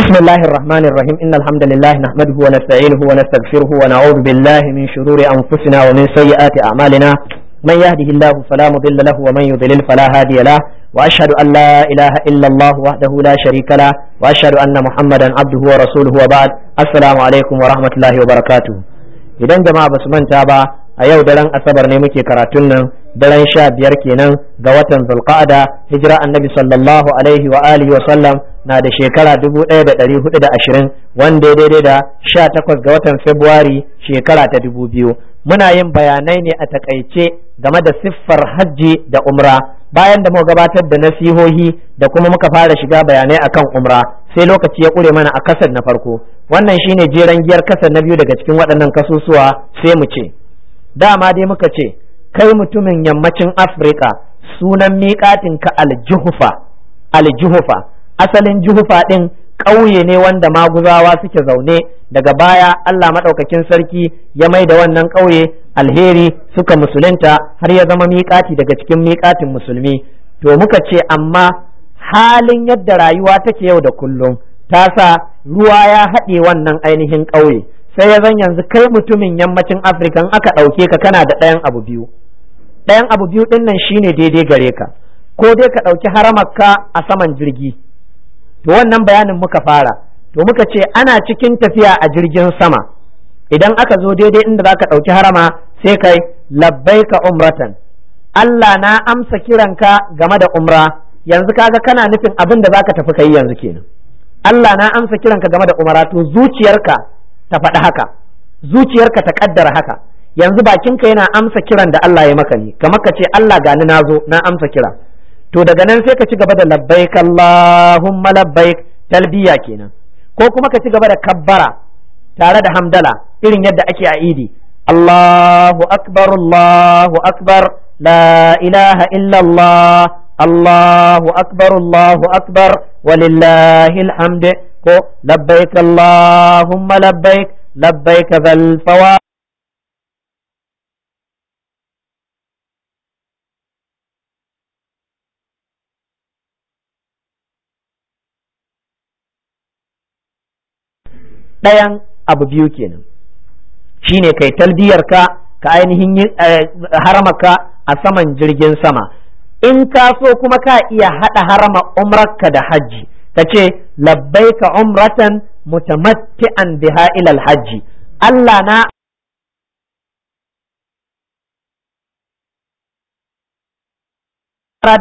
بسم الله الرحمن الرحيم إن الحمد لله نحمده ونستعينه ونستغفره ونعوذ بالله من شرور أنفسنا ومن سيئات أعمالنا من يهده الله فلا مضل له ومن يضلل فلا هادي له وأشهد أن لا إله إلا الله وحده لا شريك له وأشهد أن محمدا عبده ورسوله وبعد السلام عليكم ورحمة الله وبركاته إذا جماعة بس من تابع a yau daren asabar ne muke karatun nan daren sha biyar kenan ga watan zulqa'ada hijira annabi sallallahu alaihi wa alihi wa sallam na da shekara dubu ɗaya da ɗari hudu da ashirin wanda daidai da sha takwas ga watan february shekara ta dubu biyu muna yin bayanai ne a takaice game da siffar hajji da umra bayan da muka gabatar da nasihohi da kuma muka fara shiga bayanai akan umra sai lokaci ya kure mana a kasar na farko wannan shine jeran giyar kasar na biyu daga cikin waɗannan kasusuwa sai mu ce dama dai muka ce kai mutumin yammacin afirka sunan miƙatinka aljuhufa aljuhufa asalin juhufa ɗin ƙauye ne wanda maguzawa suke zaune daga baya Allah maɗaukakin sarki ya mai da wannan ƙauye alheri suka musulunta har ya zama miƙati daga cikin miƙatin musulmi to muka ce amma halin yadda rayuwa take yau da kullum ta sa ruwa ya haɗe wannan ainihin ƙauye sai ya zan yanzu kai mutumin yammacin afirka in aka ɗauke ka kana da ɗayan abu biyu ɗayan abu biyu ɗin nan shine daidai gare ka ko dai ka ɗauki haramarka a saman jirgi to wannan bayanin muka fara to muka ce ana cikin tafiya a jirgin sama idan aka zo daidai inda za ka ɗauki harama sai kai ka umratan Allah na amsa kiranka game da umra yanzu kaga kana nufin abin da ka tafi kai yanzu kenan Allah na amsa kiranka game da umra to zuciyarka ta faɗi haka zuciyarka ta kaddara haka yanzu bakinka yana amsa kiran da Allah ya maka ne kamar ka ce Allah gani na zo na amsa kira to daga nan sai ka ci gaba da labbaik Allahumma labbaik talbiya kenan ko kuma ka ci gaba da kabbara tare da hamdala irin yadda ake a idi Allahu akbar Allahu akbar la ilaha illa Allah Allahu akbar Allahu akbar walillahi alhamdu ko labbaik Allahumma labbaik labbaik zal fawa ɗayan abu biyu kenan shine kai talbiyarka ka ainihin eh, haramaka a saman jirgin sama in ka so kuma ka iya haɗa harama umrarka da hajji ka ce labbai ka umratan mutamatti'an biha ilal hajji. Allah na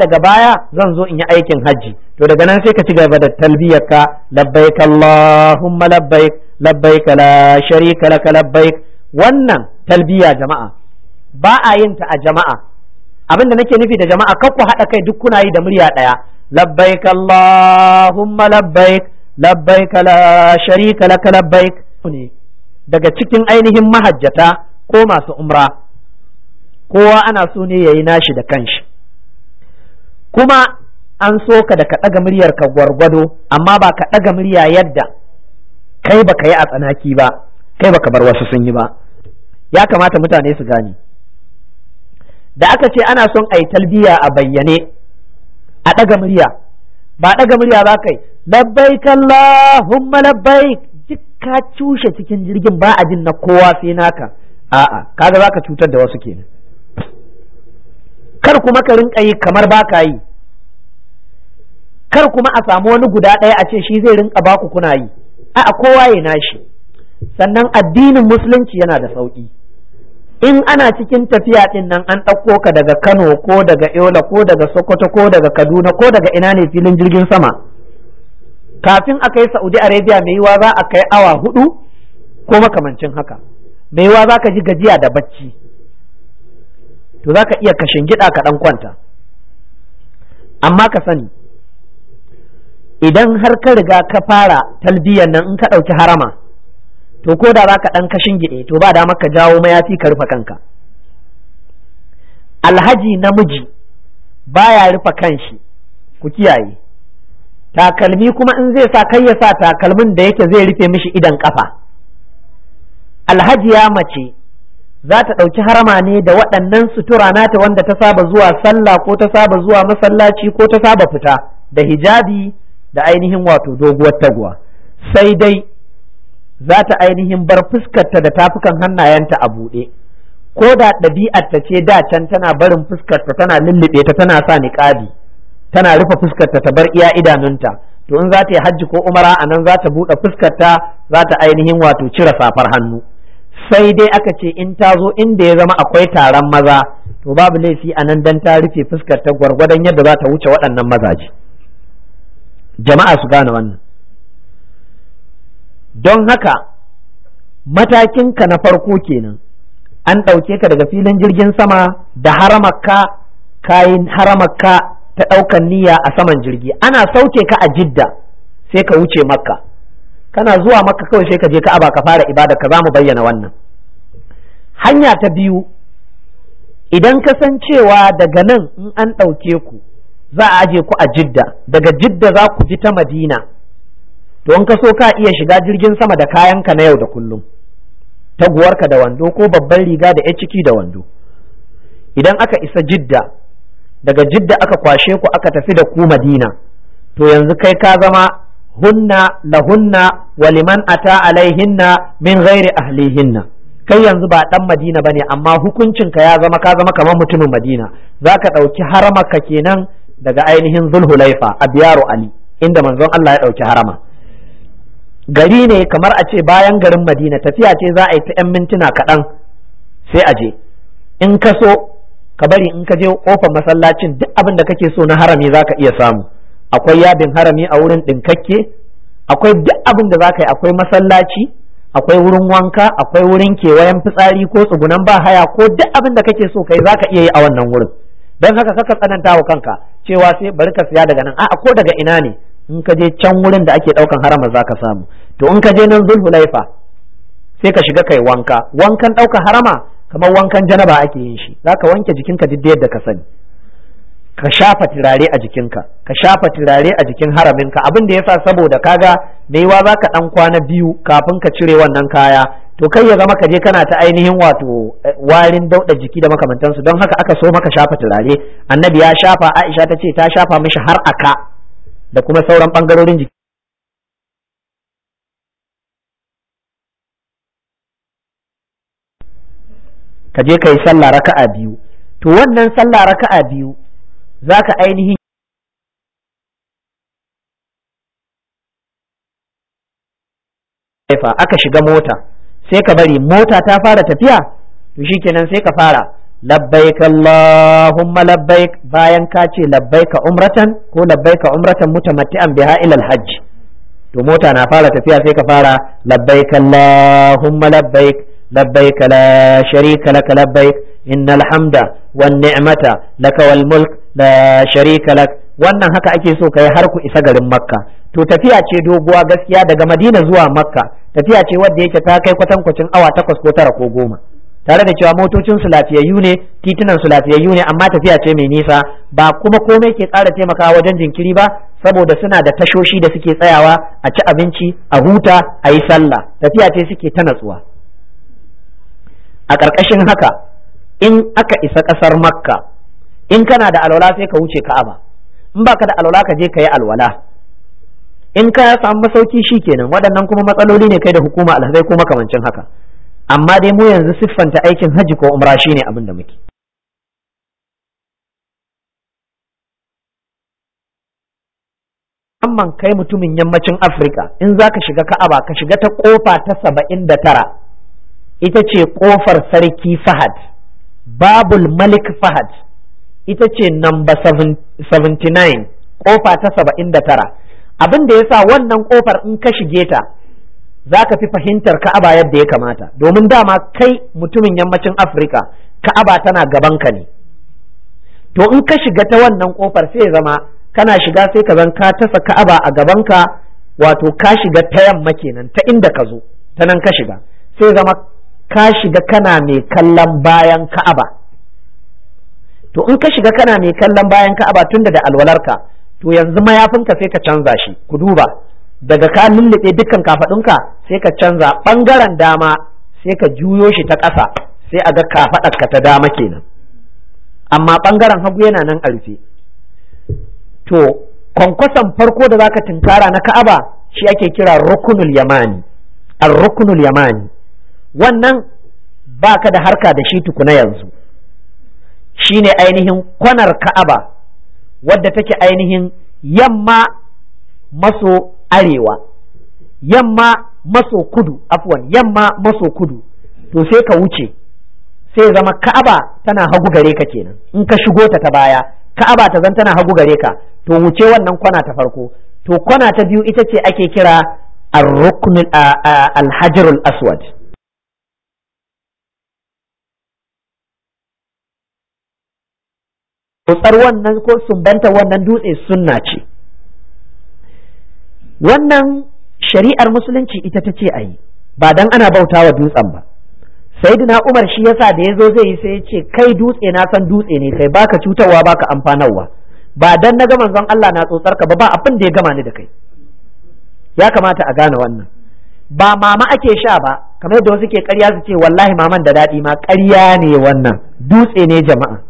daga baya zan zo in yi aikin hajji to daga nan sai ka ci gaba da talbiyarka labbaik Allahumma labbaik labbaik la sharika laka labbaik wannan talbiya jama'a ba a yin ta a jama'a abin da nake nufi da jama'a kakku haɗa kai duk kuna yi da murya ɗaya لبيك اللهم لبيك لبيك لا شريك لك لبيك daga cikin ainihin mahajjata ko masu umra kowa ana so ne yayi nashi da kanshi kuma an so ka da ka ɗaga muryar ka gwargwado amma ba ka ɗaga murya yadda kai ba ka yi a tsanaki ba kai ba ka bar wasu sun yi ba ya kamata mutane su gane da aka ce ana son a yi talbiya a bayyane a ɗaga murya ba ɗaga murya ba kai labbaik Allahumma labbai duk ka cushe cikin jirgin ba a jin na kowa sai naka a'a kaga zaka cutar da wasu kenan kar kuma ka rinka yi kamar ba ka yi kar kuma a samu wani guda ɗaya a ce shi zai rinka baku kuna yi a'a kowa ya nashi sannan addinin musulunci yana da sauƙi in ana cikin tafiya din nan an ɗauko ka daga Kano ko daga Yola ko daga Sokoto ko daga Kaduna ko daga ina ne filin jirgin sama kafin a kai Saudi Arabia mai yiwa za a kai awa hudu ko makamancin haka mai yiwa za ka ji gajiya da bacci to za ka iya ka shingida ka ɗan kwanta amma ka sani idan har ka riga ka fara talbiyan nan in ka ɗauki harama to ko da za ka ɗan kashin gide to ba da ka jawo mayafi ka rufe kanka alhaji namiji baya rufe kanshi ku kiyaye takalmi kuma in zai sa kai ya sa takalmin da yake zai rufe mishi idan kafa Alhaji ya mace za ta ɗauki harama ne da waɗannan sutura nata wanda ta saba zuwa sallah ko ta saba zuwa masallaci ko ta saba fita da hijabi da ainihin wato doguwar taguwa sai dai za ta ainihin bar fuskarta da tafukan hannayenta a buɗe ko da ɗabi'arta ce da can tana barin fuskarta tana lullube ta tana sa niƙabi tana rufe fuskarta ta bar iya idanunta to in za ta yi hajji ko umara a nan za ta buɗe fuskarta za ta ainihin wato cire safar hannu sai dai aka ce in ta zo inda ya zama akwai taron maza to babu laifi a nan dan ta rufe fuskarta gwargwadon yadda za ta wuce waɗannan mazaje jama'a su gane wannan don haka matakinka na farko kenan an ɗauke ka daga filin jirgin sama da haramaka kayan haramaka ta ɗaukan niyya a saman jirgi ana sauke ka a jidda sai ka wuce makka kana zuwa makka kawai sai ka je ka'aba ka fara ibada ka za mu bayyana wannan hanya ta biyu idan ka san cewa daga nan in an ɗauke ku za a aje ku a jidda daga jidda za ku ji ta madina to in ka so ka iya shiga jirgin sama da kayanka na yau da kullum taguwarka da wando ko babban riga da 'ya ciki da wando idan aka isa jidda daga jidda aka kwashe ku aka tafi da ku madina to yanzu kai ka zama hunna la lahunna waliman ata alaihinna min ghairi ahlihinna kai yanzu ba dan madina bane amma hukuncin ka ya zama ka zama kamar mutumin madina zaka ka ɗauki haramarka kenan daga ainihin zulhulaifa abyaru ali inda manzon Allah ya ɗauki harama gari ne kamar a ce bayan garin madina tafiya ce za a yi ta 'yan mintuna kaɗan sai a je in ka so ka bari in ka je kofar masallacin duk abin da kake so na harami za ka iya samu akwai yabin harami a wurin ɗinkakke akwai duk abin da za ka yi akwai masallaci akwai wurin wanka akwai wurin kewayen fitsari ko tsugunan ba haya ko duk abin da kake so kai za ka iya yi a wannan wurin don haka kaka tsananta wa kanka cewa sai bari ka siya daga nan a'a ko daga ina ne in ka je can wurin da ake ɗaukan harama zaka samu to in ka je nan laifa sai ka shiga kai wanka wankan ɗaukan harama kamar wankan janaba ake yin shi zaka wanke jikinka duk yadda ka sani ka shafa turare a jikinka ka shafa turare a jikin haraminka abin da yasa saboda kaga me za zaka ɗan kwana biyu kafin ka cire wannan kaya to kai ya zama ka je kana ta ainihin wato eh, warin dauda jiki da makamantansu don haka aka so maka shafa turare annabi ya shafa aisha ta ce ta shafa mishi har aka da kuma sauran ɓangarorin jiki ka je ka yi sallah raka'a biyu to wannan sallah raka'a biyu za ka ainihin aka shiga mota sai ka bari mota ta fara tafiya to shi kenan sai ka fara labbaik Allahumma labbaik bayan ka ce labbaika umratan ko ka umratan mutamatti'an biha ila hajji. to mota na fara tafiya sai ka fara labbaik Allahumma labbaik labbaik la sharika laka labbaik innal hamda wan ni'mata laka wal mulk la sharika lak wannan haka ake so ka yi har ku isa garin makka to tafiya ce doguwa gaskiya daga madina zuwa makka tafiya ce wadda yake ka kai kwatankwacin awa takwas ko tara ko goma tare da cewa motocin su lafiyayyu ne titunan su lafiyayyu ne amma tafiya ce mai nisa ba kuma komai ke ƙara taimakawa wajen jinkiri ba saboda suna da tashoshi da suke tsayawa a ci abinci a huta a yi sallah tafiya ce suke ta natsuwa a ƙarƙashin haka in aka isa ƙasar makka in kana da alwala sai ka wuce ka'aba in ba ka da alwala ka je ka yi alwala in ka samu masauki shi kenan waɗannan kuma matsaloli ne kai da hukuma alhazai ko makamancin haka amma dai mu yanzu siffanta aikin hajji ko umra shine abin da muke amman kai mutumin yammacin afirka in za ka shiga ka'aba ka shiga ta ƙofa ta saba'in da tara ita ce kofar sarki fahad babul malik fahad ita ce namba 79 ƙofa ta saba'in da tara. abin da ya sa wannan ƙofar in ka shige ta za ka fi fahimtar ka'aba yadda ya kamata domin dama kai mutumin yammacin afirka ka'aba tana gaban ka ne to in ka shiga ta wannan kofar sai zama kana shiga sai ka zan ka tasa ka'aba a gaban ka wato ka shiga ta yamma kenan ta inda ka zo ta nan ka shiga sai zama ka shiga kana mai kallon bayan ka'aba to in ka shiga kana mai kallon bayan ka'aba tunda da alwalarka to yanzu mayafinka sai ka canza shi ku duba daga ka lullube dukkan kafadunka sai ka canza bangaren dama sai ka juyo shi ta ƙasa sai a ga kafadarka ta dama kenan amma bangaren hagu yana nan a rufe to kwankwason farko da zaka tinkara na ka'aba shi ake kira rukunul yamani al rukunul yamani wannan baka da harka da shi tukuna yanzu shine ainihin kwanar ka'aba wadda take ainihin yamma maso arewa yamma maso kudu afwan yamma maso kudu to sai ka wuce sai zama ka'aba tana hagu gare ka kenan in ka shigo ta ta baya ka'aba ta zan tana hagu gare ka to wuce wannan kwana ta farko to kwana ta biyu ita ce ake kira ar-rukn al-hajar aswad Kutsar wannan ko sumbanta wannan dutse sunna ce. wannan shari'ar musulunci ita ta ce a yi ba dan ana bauta wa dutsen ba na umar shi yasa da ya zo zai yi sai ya ce kai dutse na san dutse ne kai baka cutarwa baka amfanarwa ba dan na gama zan Allah na tsotsar ka ba ba abin da ya gama ni da kai ya kamata a gane wannan ba mama ake sha ba kamar yadda wasu ke ƙarya su ce wallahi maman da daɗi ma ƙarya ne wannan dutse ne jama'a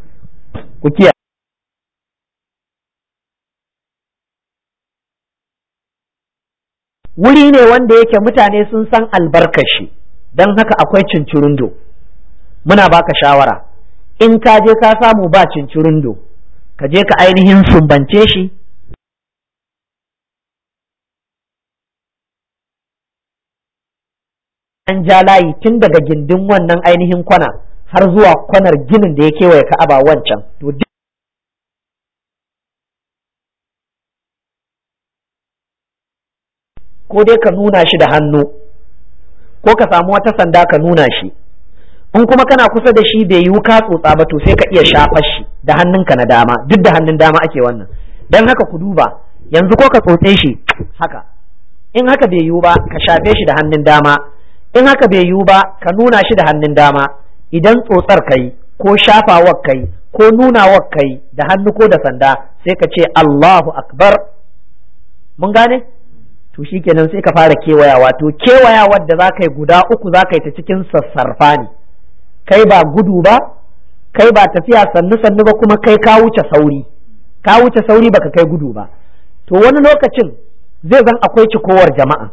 ku kiyaye wuri ne wanda yake mutane sun san albarkashi don haka akwai cincirindo muna baka shawara in ka je ka samu ba cincirindo ka je ka ainihin sumbance shi an ja layi tun daga gindin wannan ainihin kwana har zuwa kwanar ginin da ya kewaye ka'aba wancan to ko dai ka nuna shi da hannu ko ka samu wata sanda ka nuna shi in kuma kana kusa da shi bai yiwu ka tsotsa ba to sai ka iya shafar shi da hannunka na dama duk da hannun dama ake wannan dan haka ku duba yanzu ko ka tsotse shi haka in haka bai yiwu ba ka shafe shi da hannun dama in haka bai yiwu ba ka nuna shi da hannun dama idan tsotsar kai ko shafawar kai ko nunawar kai da hannu ko da sanda sai ka ce Allahu akbar mun gane to kenan sai ka fara kewayawa to kewayawa da za ka yi guda uku za ka yi ta cikin sassarfa ne kai ba gudu ba kai ba tafiya sannu sannu ba kuma kai ka wuce sauri ka wuce sauri baka kai gudu ba to wani lokacin zai zan akwai cikowar jama'a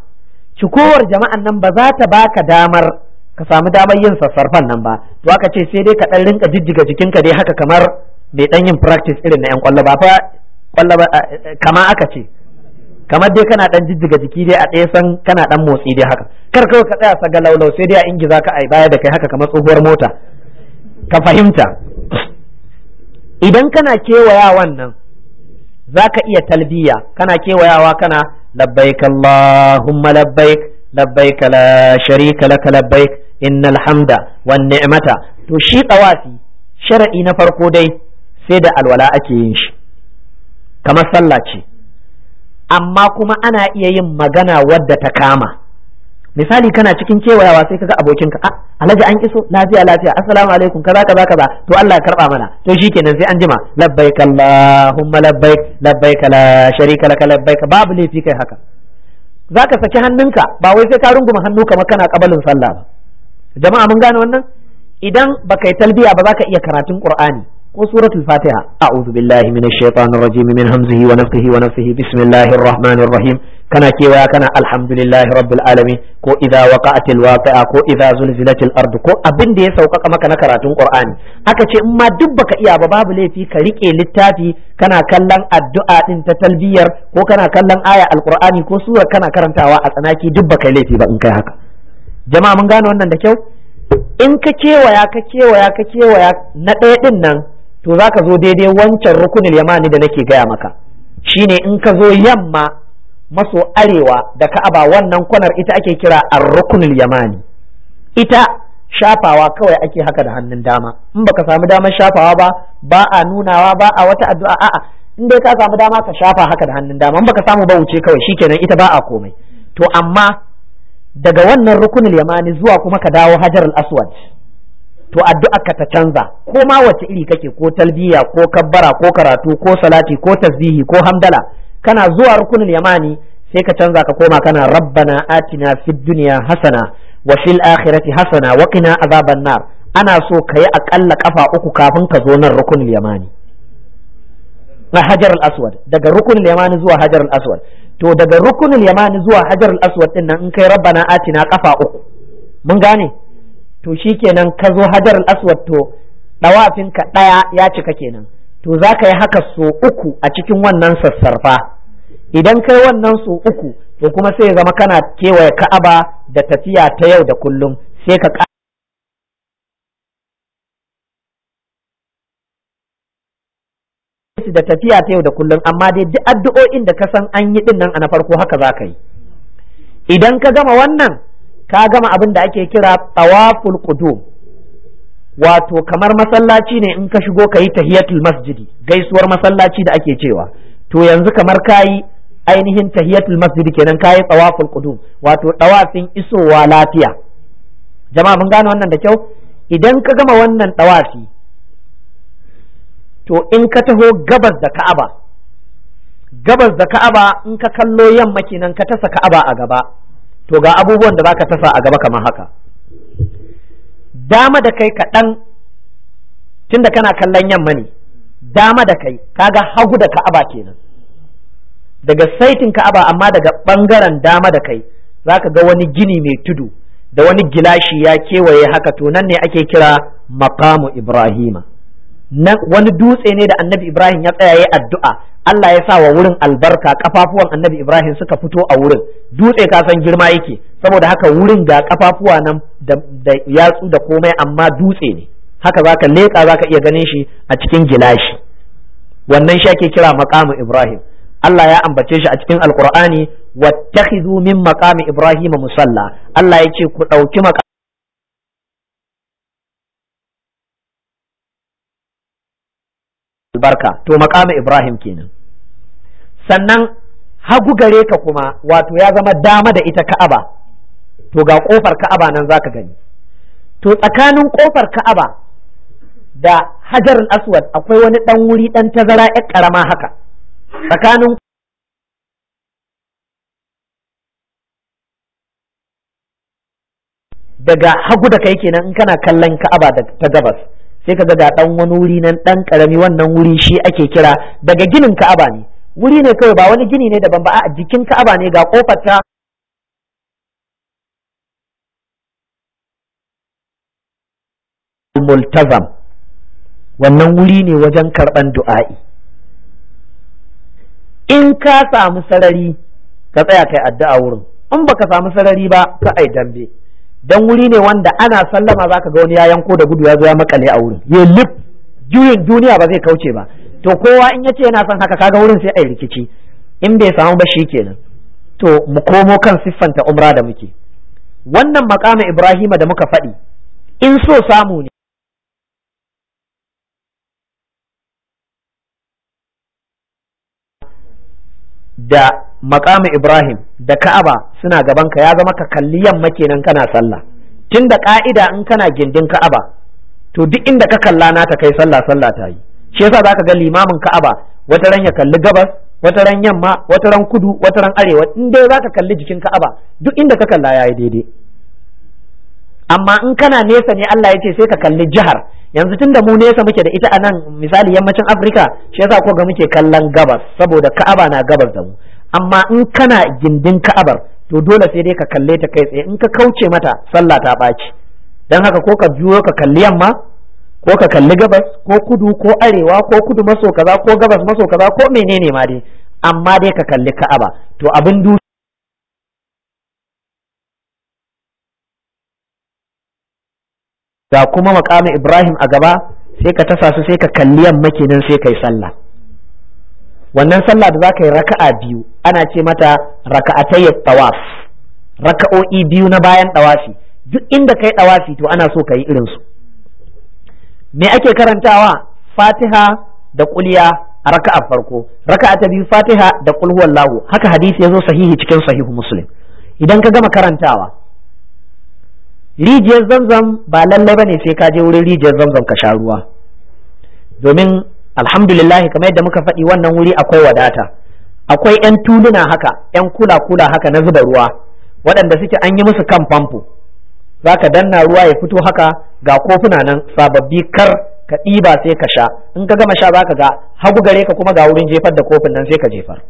cikowar jama'an nan ba za ta baka damar ka samu damar yin sassarfan nan ba to aka ce sai dai ka dan rinka jijjiga jikinka dai haka kamar mai dan yin practice irin na yan kwallo ba fa kwallo ba eh, eh, kama aka ce kamar dai kana dan jijjiga jiki dai a ɗaya san kana dan motsi dai haka kar kawai ka tsaya saga laulau sai dai a ingiza ka a baya da kai haka kamar tsohuwar mota ka fahimta idan kana kewaya wannan za ka iya talbiya kana kewayawa kana labbaik Allahumma labbaik labbaik la sharika laka labbaik innal hamda wan ni'mata to shi tsawafi shar'i na farko dai sai da alwala ake yin shi kamar sallah ce amma kuma ana iya yin magana wadda ta kama misali kana cikin kewayawa sai kaga abokinka a ah, alhaji an iso lafiya lafiya assalamu alaikum kaza kaza kaza to Allah ya karba mana to shikenan sai an jima labbaik allahumma labbaik labbaik la sharika lak labbaik babu laifi kai haka zaka saki hannunka ba wai sai ka runguma hannu kamar kana kabalin sallah ba jama'a mun gane wannan idan baka yi talbiya ba zaka iya karatun qur'ani وسورة الفاتحة أعوذ بالله من الشيطان الرجيم من همزه ونفخه ونفخه بسم الله الرحمن الرحيم كان كيوا كان الحمد لله رب العالمين كو إذا وقعت الواقعة كو إذا زلزلت الأرض كو أبن دي سوق كما كان كراتون قرآن أكتش ما دبك إيا باب لي في كريك للتافي كان كلن الدعاء انت تلبير كو كان كلن آية القرآن كو سورة كان كرنتاوا أتناكي دبك لي في بأنك هكا جماعة من قانو أنن دكيو in ka kewaya ka kewaya ka kewaya na ɗaya ɗin nan to za ka zo daidai wancan rukunin yamani da nake gaya maka shine in ka zo yamma maso arewa da ka'aba wannan kwanar ita ake kira ar rukunin yamani ita shafawa kawai ake haka da hannun dama in baka samu damar shafawa ba ba a nunawa ba a wata addu'a a'a in dai ka samu dama ka shafa haka da hannun dama in baka samu ba wuce kawai shi shikenan ita ba a komai to amma daga wannan rukunin yamani zuwa kuma ka dawo hajar al-aswad to addu'a ka ta canza ko ma wace iri kake ko talbiya ko kabbara ko karatu ko salati ko tasbihi ko hamdala kana zuwa rukunin yamani sai ka canza ka koma kana rabbana atina fid dunya hasana wa fil akhirati hasana wa qina azaban nar ana so ka yi akalla kafa uku kafin ka zo nan rukunin yamani na hajar al-aswad daga rukunin yamani zuwa hajar al-aswad to daga rukunin yamani zuwa hajar al-aswad din nan in kai rabbana atina kafa uku mun gane to shi kenan ka zo hajar aswad to ɗawafinka ɗaya ya cika kenan to za ka yi haka so uku a cikin wannan sassarfa idan kai wannan so uku to kuma sai ya zama kana kewaye ka'aba da tafiya ta yau da kullum sai ka da tafiya ta yau da kullum amma dai duk addu'o'in da ka san an yi din a na farko haka za ka yi idan ka gama wannan ka gama abin da ake kira tawaful qudum wato kamar masallaci ne in ka shigo ka yi tahiyatul masjidi gaisuwar masallaci da ake cewa to yanzu kamar kayi ainihin tahiyatul masjidi kenan kayi tawaful qudum wato tawafin isowa lafiya jama'a mun gane wannan da kyau idan ka gama wannan tawafi to in ka taho gabas da ka'aba gabas da ka'aba in ka kallo yamma kenan ka tasa ka'aba a gaba to ga abubuwan da baka tasa a gaba kamar haka dama da kai kaɗan tunda kana kallon yamma ne dama da kai kaga hagu da ka'aba kenan daga saitin ka'aba amma daga ɓangaren dama da kai za ka ga wani gini mai tudu da wani gilashi ya kewaye haka to nan ne ake kira maqamu ibrahima na wani dutse ne da annabi ibrahim ya tsaya yi addu'a Allah ya sa wa wurin albarka kafafuwan annabi ibrahim suka fito a wurin dutse ka san girma yake saboda haka wurin ga kafafuwa nan da, yatsu da komai amma dutse ne haka zaka leƙa zaka iya ganin shi a cikin gilashi wannan shi ake kira maqamu ibrahim Allah ya ambace shi a cikin alqur'ani wattakhidhu min maqami ibrahima musalla Allah ya ce ku ɗauki albarka to maqamu ibrahim kenan sannan hagu gare ka kuma wato ya zama dama da ita ka'aba to ga kofar ka'aba nan zaka gani to tsakanin kofar ka'aba da hajar aswad akwai wani dan wuri dan tazara yar karama haka tsakanin daga hagu da kai kenan in kana kallon ka'aba ta gabas sai kaga ga dan wani wuri nan dan karami wannan wuri shi ake kira daga ginin ka'aba ne wuri ne kawai ba wani gini ne daban ba a jikin ka'aba ne ga kofar ta multazam wannan wuri ne wajen karban du'a'i in ka samu sarari ka tsaya kai addu'a wurin in baka samu sarari ba ka ai dambe dan wuri ne wanda ana sallama zaka ga wani ya yanko da gudu ya zo ya makale a wurin ya lif juyin duniya ba zai kauce ba to kowa in yace yana son haka kaga wurin sai a rikici in bai samu ba shikenan to mu komo kan siffanta umra da muke wannan makamin ibrahima da muka faɗi in so samu ne da maqamu ibrahim da ka'aba suna gaban ka ya zama ka kalli yamma kenan kana sallah tunda ka'ida in kana gindin ka'aba to duk inda ka kalla na ta kai sallah sallah ta yi shi yasa zaka ga limamin ka'aba wata ran ya kalli gabas wata ran yamma wata ran kudu wata ran arewa in dai zaka kalli jikin ka'aba duk inda ka kalla yayi daidai amma in kana nesa ne Allah ya ce sai ka kalli jihar yanzu tunda mu nesa muke da ita a nan misali yammacin Afirka shi yasa ko ga muke kallon gabas saboda Ka'aba na gabas da mu amma in kana gindin ka'abar to dole sai dai ka kalle ta kai tsaye in ka kauce mata sallah ta ɓaci Don haka ko ka juyo ka kalli yamma ko ka kalli gabas ko kudu ko arewa ko kudu maso kaza ko gabas maso kaza ko menene ma dai amma dai ka kalli ka'aba to abin du da kuma makamin ibrahim a gaba sai ka tasa su sai ka kalli yamma kenan sai kai sallah wannan sallah da za ka yi raka'a biyu ana ce mata raka'atai tawaf raka'o'i biyu na bayan tawafi duk inda kai tawafi to ana so ka yi irin su me ake karantawa fatiha da kuliya a raka'a farko raka'a ta biyu fatiha da qul huwallahu haka hadisi yazo sahihi cikin sahihu muslim idan ka gama karantawa rijiyar zamzam ba lallai bane sai ka je wurin rijiyar zamzam ka sha ruwa domin alhamdulillahi kamar yadda muka faɗi wannan wuri akwai wadata akwai yan tuluna haka yan kula kula haka na zuba ruwa waɗanda suke an yi musu kan famfo za ka danna ruwa ya fito haka ga kofuna nan sababbi kar ka ɗiba sai ka sha in ka gama sha za ka ga hagu gare ka kuma ga wurin jefar da kofin nan sai ka jefar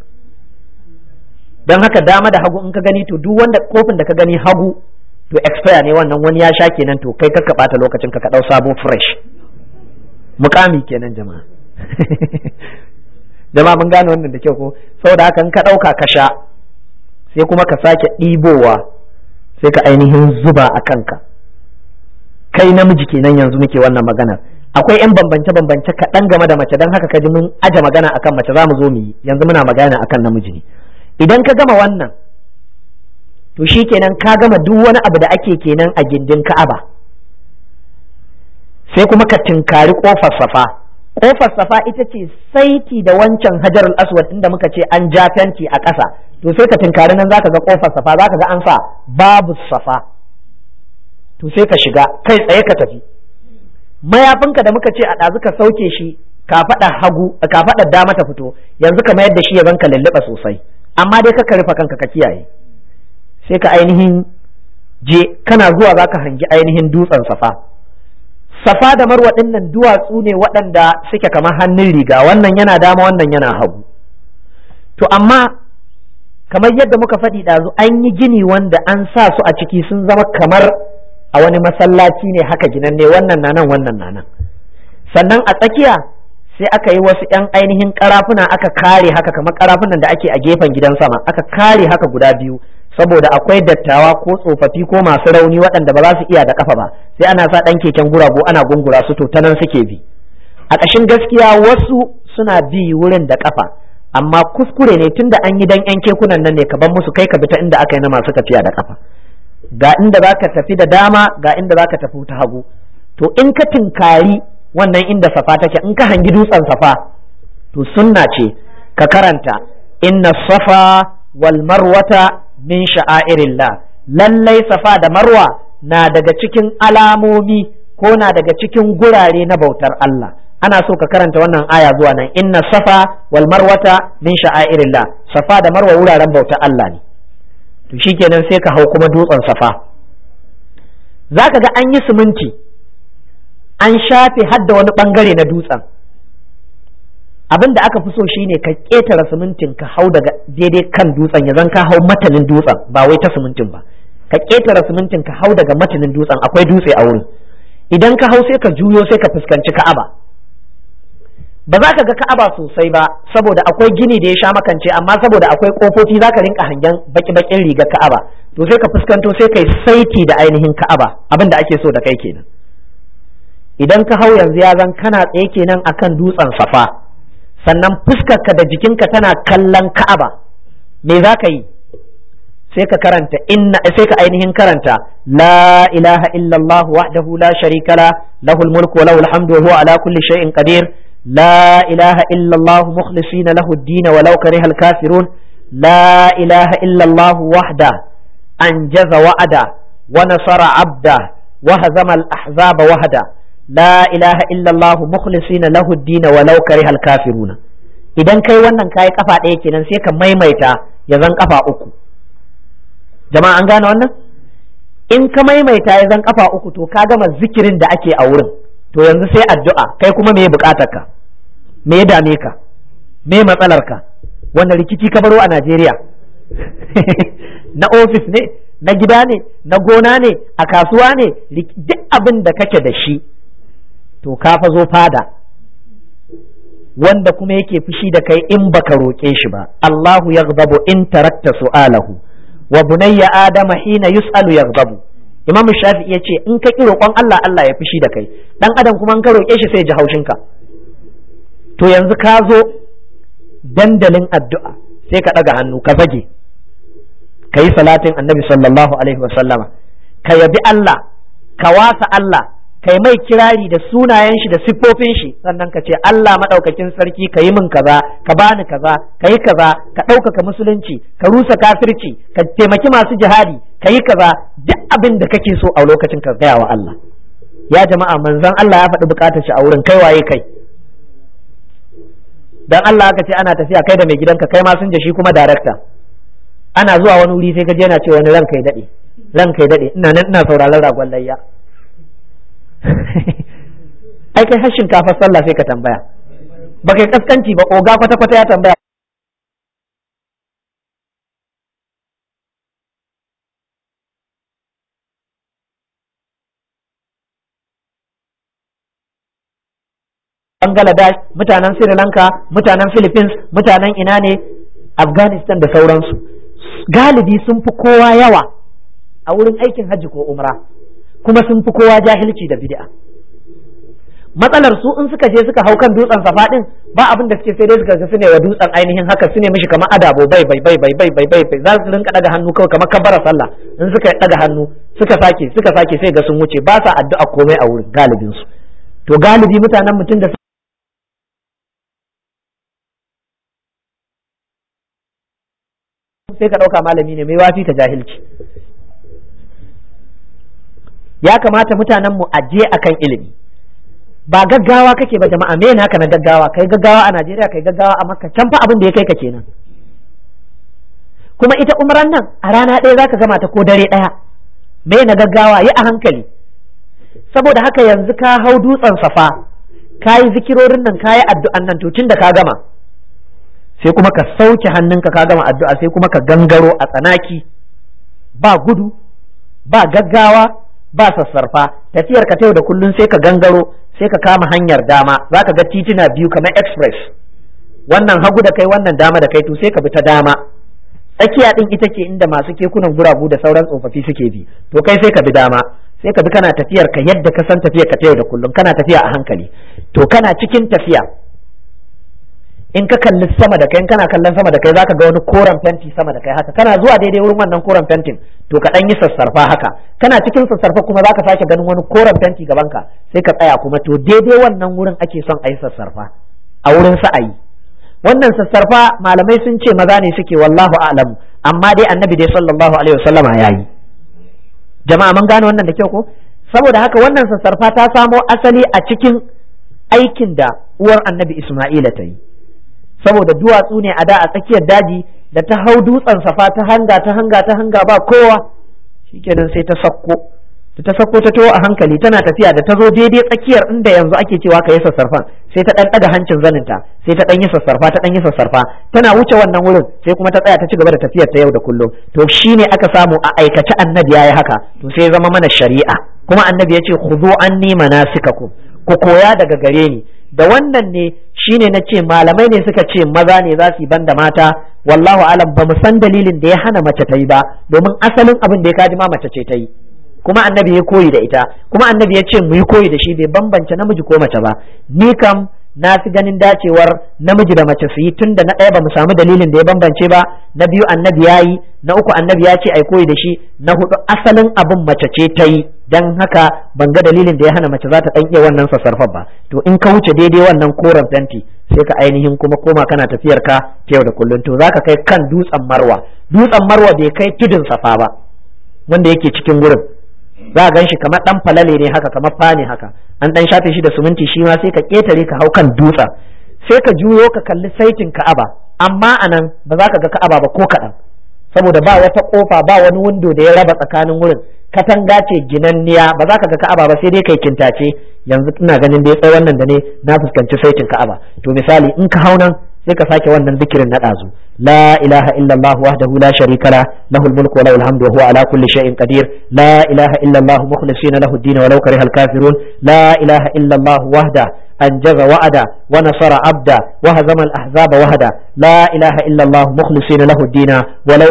don haka dama da hagu in ka gani to duk wanda kofin da ka gani hagu to expire ne wannan wani ya sha kenan to kai ka ɓata lokacin ka ka ɗau sabo fresh mukami kenan jama'a jama'a mun gane wannan da kyau ko saboda haka in ka ɗauka ka sha sai kuma ka sake ɗibowa sai ka ainihin zuba a kanka kai namiji kenan yanzu muke wannan maganar akwai yan bambance bambance kaɗan game da mace don haka ka ji mun aje magana akan mace za mu zo mu yi yanzu muna magana akan namiji ne idan ka gama wannan to shi kenan ka gama duk wani abu da ake kenan a gindin ka'aba sai kuma ka tinkari ƙofar safa kofar safa ita ce saiti da wancan hajarul aswad inda muka ce an ja fenti a ƙasa to sai ka tinkari nan zaka ga kofar safa zaka ga an sa babu safa to sai ka shiga kai tsaye ka tafi mayafinka da muka ce a ɗazu ka sauke shi ka faɗa hagu ka faɗa dama ta fito yanzu ka mayar da shi ya zanka lulluɓa sosai amma dai ka rufe kanka ka kiyaye sai ka ainihin je kana zuwa zaka hangi ainihin dutsen safa safa da marwa nan duwatsu ne waɗanda suke kamar hannun riga wannan yana dama wannan yana hagu to amma kamar yadda muka faɗi ɗazu an yi gini wanda an sa su a ciki sun zama kamar a wani masallaci ne haka ne wannan na nan wannan na nan sannan a tsakiya sai aka yi wasu ‘yan ainihin karafuna aka kare haka kamar karafunan da ake a gefen gidan sama aka kare haka guda biyu saboda akwai dattawa ko tsofaffi ko masu rauni waɗanda ba za su iya da kafa ba sai ana sa ɗan keken gurago ana gungura su to ta nan suke bi a ƙashin gaskiya wasu suna bi wurin da kafa amma kuskure ne tunda an yi dan yan kekunan nan ne ka bar musu kai ka bi ta inda aka yi na masu tafiya da kafa ga inda za ka tafi da dama ga inda za ka tafi ta hagu to in ka tinkari wannan inda safa take in ka hangi dutsen safa to sunna ce ka karanta inna safa wal marwata min sha'airillah lallai safa da marwa na daga cikin alamomi ko na daga cikin gurare na bautar Allah ana so ka karanta wannan aya zuwa nan inna safa wal marwata min sha'airillah safa da marwa wuraren bautar Allah ne to shikenan sai ka hau kuma dutsen safa zaka ga an yi siminti an shafe hadda wani bangare na dutsen abin da aka fi so shine ka ƙetare simintin ka hau daga daidai kan dutsen ya zan ka hau matanin dutsen ba wai ta simintin ba ka ƙetare simintin ka hau daga matanin dutsen akwai dutse a wurin idan ka hau sai ka juyo sai ka fuskanci ka'aba ba za ka ga ka'aba sosai ba saboda akwai gini da ya sha makance amma saboda akwai kofofi za ka rinka hangen baki-bakin rigar ka'aba to sai ka fuskanto sai ka yi saiti da ainihin ka'aba abin da ake so da kai kenan idan ka hau yanzu ya zan kana tsaye kenan akan dutsen safa sannan fuskarka da jikinka tana kallon ka'aba me za ka yi sai ka karanta inna sai ka ainihin karanta la ilaha illallah wahdahu la sharika la lahul mulku wa lahul hamdu huwa ala kulli shay'in qadir la ilaha illallah mukhlisina lahu ad-din wa law kariha al-kafirun la ilaha illallah wahda anjaza wa'ada wa nasara abda wa hazama al-ahzaba wahda la ilaha illallah الله مخلصين له الدين ولو كره الكافرون idan kai wannan kai kafa ɗaya kenan sai ka maimaita ya zan kafa uku jama'a an gane wannan in ka maimaita ya zan kafa uku to ka gama zikirin da ake a wurin to yanzu sai addu'a kai kuma me bukatar ka me dame ka me matsalar ka wannan rikici ka baro a Najeriya na ofis ne na gida ne na gona ne a kasuwa ne duk abin da kake da shi to ka fa zo fada wanda kuma yake fushi da kai in baka roƙe shi ba Allahu yaghdabu in tarakta su'alahu wa bunayya adama hina yus'alu yaghdabu Imam Shafi'i ya ce in ka ki roƙon Allah Allah ya fushi da kai dan adam kuma in ka roƙe shi sai ji haushin ka to yanzu ka zo dandalin addu'a sai ka ɗaga hannu ka zage ka yi salatin annabi sallallahu alaihi wasallama ka yabi Allah ka wasa Allah kai mai kirari da sunayen shi da siffofin shi sannan ka ce Allah madaukakin sarki ka yi min kaza ka bani kaza ka yi kaza ka ɗaukaka musulunci ka rusa kafirci ka taimaki masu jihadi ka yi kaza duk abin da kake so a lokacin ka gaya wa Allah ya jama'a manzon Allah ya faɗi bukatar shi a wurin kai waye kai dan Allah aka ce ana tafiya kai da mai gidanka kai ma sun je shi kuma darakta ana zuwa wani wuri sai ka je yana cewa wani ranka ya daɗe ranka ya daɗe ina nan ina sauraron ragon layya ai kai hashin kafa sallah sai ka tambaya ba kai kaskanci ba oga kwata-kwata ya tambaya Bangladesh, mutanen Sri Lanka, mutanen Philippines, mutanen ina ne, Afghanistan da sauransu. Galibi sun fi kowa yawa a wurin aikin hajji ko umra. kuma sun fi kowa jahilci da bid'a matsalar su in suka je suka hau kan dutsen safa din ba abin da suke sai dai suka su sune wa dutsen ainihin haka su ne mishi kamar adabo bai bai bai bai bai bai bai za su rinka daga hannu kawai kamar kabbara sallah in suka daga hannu suka sake suka sake sai ga sun wuce ba sa addu'a komai a wurin galibin su to galibi mutanen mutum da sai ka dauka malami ne mai wafi ta jahilci ya kamata mutanen mu aje akan ilimi ba gaggawa kake ba jama'a me naka na gaggawa kai gaggawa a Najeriya kai gaggawa a Makka can fa abin da ya kai ka kenan kuma ita umran nan a rana ɗaya zaka gama ta ko dare ɗaya me na gaggawa yi a hankali saboda haka yanzu ka hau dutsen safa ka zikirorin nan ka addu'an nan to tun da ka gama sai kuma ka sauke hannunka ka gama addu'a sai kuma ka gangaro a tsanaki ba gudu ba gaggawa ba sassarfa tafiyar ka ta yau da kullun sai ka gangaro sai ka kama hanyar dama za ka ga titina biyu kamar express wannan hagu da kai wannan dama da kai to sai ka bi ta dama tsakiya din ita ke inda masu kekunan guragu da sauran tsofaffi suke bi to kai sai ka bi dama sai ka bi kana tafiyar ka yadda ka san tafiyar ka ta yau da kullun kana tafiya a hankali to kana cikin tafiya in ka kalli sama da kai in kana kallon sama da kai zaka ga wani koren fenti sama da kai haka kana zuwa daidai wurin wannan koren fentin to ka dan yi sassarfa haka kana cikin sassarfa kuma zaka sake ganin wani koren fenti gaban ka sai ka tsaya kuma to daidai wannan wurin ake son a yi sassarfa a wurin sa'ayi wannan sassarfa malamai sun ce maza ne suke wallahu a'lam amma dai annabi dai sallallahu alaihi wasallama yayi jama'a mun gane wannan da kyau ko saboda haka wannan sassarfa ta samo asali a cikin aikin da uwar annabi Isma'ila ta yi saboda duwatsu ne a da a tsakiyar daji da ta hau dutsen safa ta hanga ta hanga ta hanga ba kowa shikenan sai ta sakko da ta sakko ta taho a hankali tana tafiya da ta zo daidai tsakiyar inda yanzu ake cewa ka yi sassarfan sai ta dan daga hancin zaninta sai ta dan yi sassarfa ta dan yi sassarfa tana wuce wannan wurin sai kuma ta tsaya ta ci gaba da tafiyar ta yau da kullum to shine aka samu a aikace annabi yayi haka to sai zama mana shari'a kuma annabi ya ce khudu anni manasikakum ku koya daga gare ni da wannan ne shi ne na ce malamai ne suka ce maza ne za su yi banda mata wallahu alam ba mu san dalilin da ya hana mace ta yi ba domin asalin abin da ya kaji ma mace ce ta yi kuma annabi ya koyi da ita kuma annabi ya ce mu yi koyi da shi bai bambance namiji ko mace ba ni kam na fi ganin dacewar namiji da mace su yi tun da na ɗaya ba mu samu dalilin da ya bambance ba na biyu annabi ya yi na uku annabi ya ce a koyi da shi na hudu asalin abin mace ce ta yi don haka ban ga dalilin da ya hana mace za ta ɗan iya wannan sassarfa ba to in ka wuce daidai wannan koren fenti sai ka ainihin kuma koma kana tafiyar ka ta yau da kullum to za ka kai kan dutsen marwa dutsen marwa bai kai tudun safa ba wanda yake cikin gurin za a gan shi kamar ɗan falale ne haka kamar ne haka an dan shafe shi da suminti shi ma sai ka ketare ka hau kan dutsa sai ka juyo ka kalli saitin ka'aba amma anan ba za ka ga ka'aba ba ko kaɗan saboda ba wata kofa ba wani windo da ya raba tsakanin wurin katanga ce ginanniya ba za ka ga ka'aba ba sai dai kai kintace yanzu ina ganin dai tsawon nan da ne na fuskanci saitin ka'aba to misali in ka hau nan sai ka sake wannan zikirin na ɗazu la ilaha illallah wahdahu la sharika la lahul mulku wa lahul hamdu wa huwa ala kulli shay'in qadir la ilaha illallah mukhlisina lahu ad-din wa law la ilaha illallah wahda anjaza wa'ada wa nasara abda wa hazama al-ahzaba wahda la ilaha illallah mukhlisina lahu ad-din wa law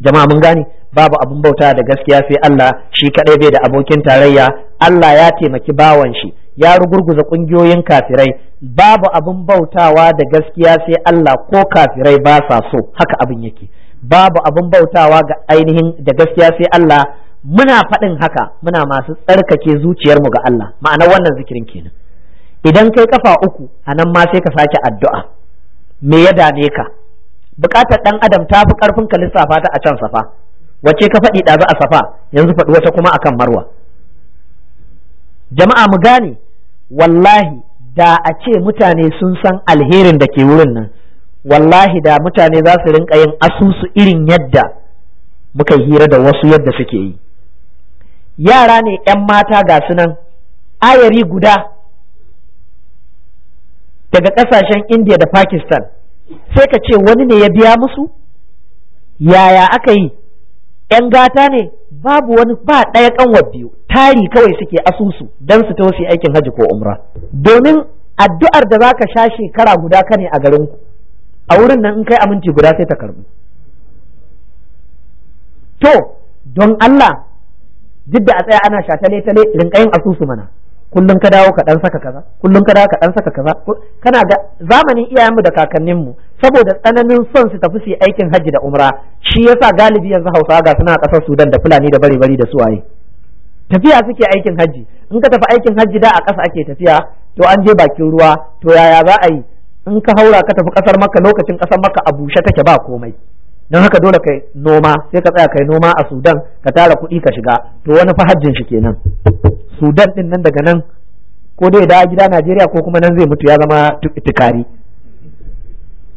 jama'a mun gane babu abun bauta da gaskiya sai Allah shi kaɗai bai da abokin tarayya Allah ya taimaki bawan shi ya rugurguza ƙungiyoyin kafirai babu abin bautawa da gaskiya sai Allah ko kafirai ba sa so haka abin yake babu abin bautawa ga ainihin da gaskiya sai Allah muna faɗin haka muna masu tsarkake zuciyarmu ga Allah ma'ana wannan zikirin kenan idan kai kafa uku a nan ma sai ka sake addu'a me ya dame ka Buƙatar ɗan adam ta fi ƙarfin ka lissafa ta a can safa wace ka faɗi ɗazu a safa yanzu faɗi wata kuma akan marwa jama'a mu gane wallahi da a ce mutane sun san alherin da ke wurin nan wallahi da mutane za su rinka yin asusu irin yadda muka hira da wasu yadda suke yi yara ne 'yan mata ga su nan ayari guda daga kasashen indiya da pakistan sai ka ce wani ne ya biya musu yaya aka yi ‘yan gata ne babu wani ba ɗaya kanwar biyu tari kawai suke asusu don su tausi aikin hajji ko umra domin addu'ar da zaka sha shekara guda ka ne a garin ku a wurin nan in kai aminci guda sai ta karbi to don Allah duk da a tsaya ana sha tale rinkayin asusu mana kullum ka dawo ka dan saka kaza kullum ka dawo ka dan saka kaza kana ga zamanin iyayenmu da kakanninmu saboda tsananin son su tafi su aikin hajji da umra shi yasa galibi yanzu Hausawa ga suna kasar Sudan da Fulani da bare bari da suwaye tafiya suke aikin hajji in ka tafi aikin hajji da a ƙasa ake tafiya to an je bakin ruwa to yaya za a yi in ka haura ka tafi ƙasar maka lokacin ƙasar maka a bushe take ba komai don haka dole kai noma sai ka tsaya kai noma a sudan ka tara kuɗi ka shiga to wani fa hajjin shi kenan sudan din nan daga nan ko dai da gida najeriya ko kuma nan zai mutu ya zama tukari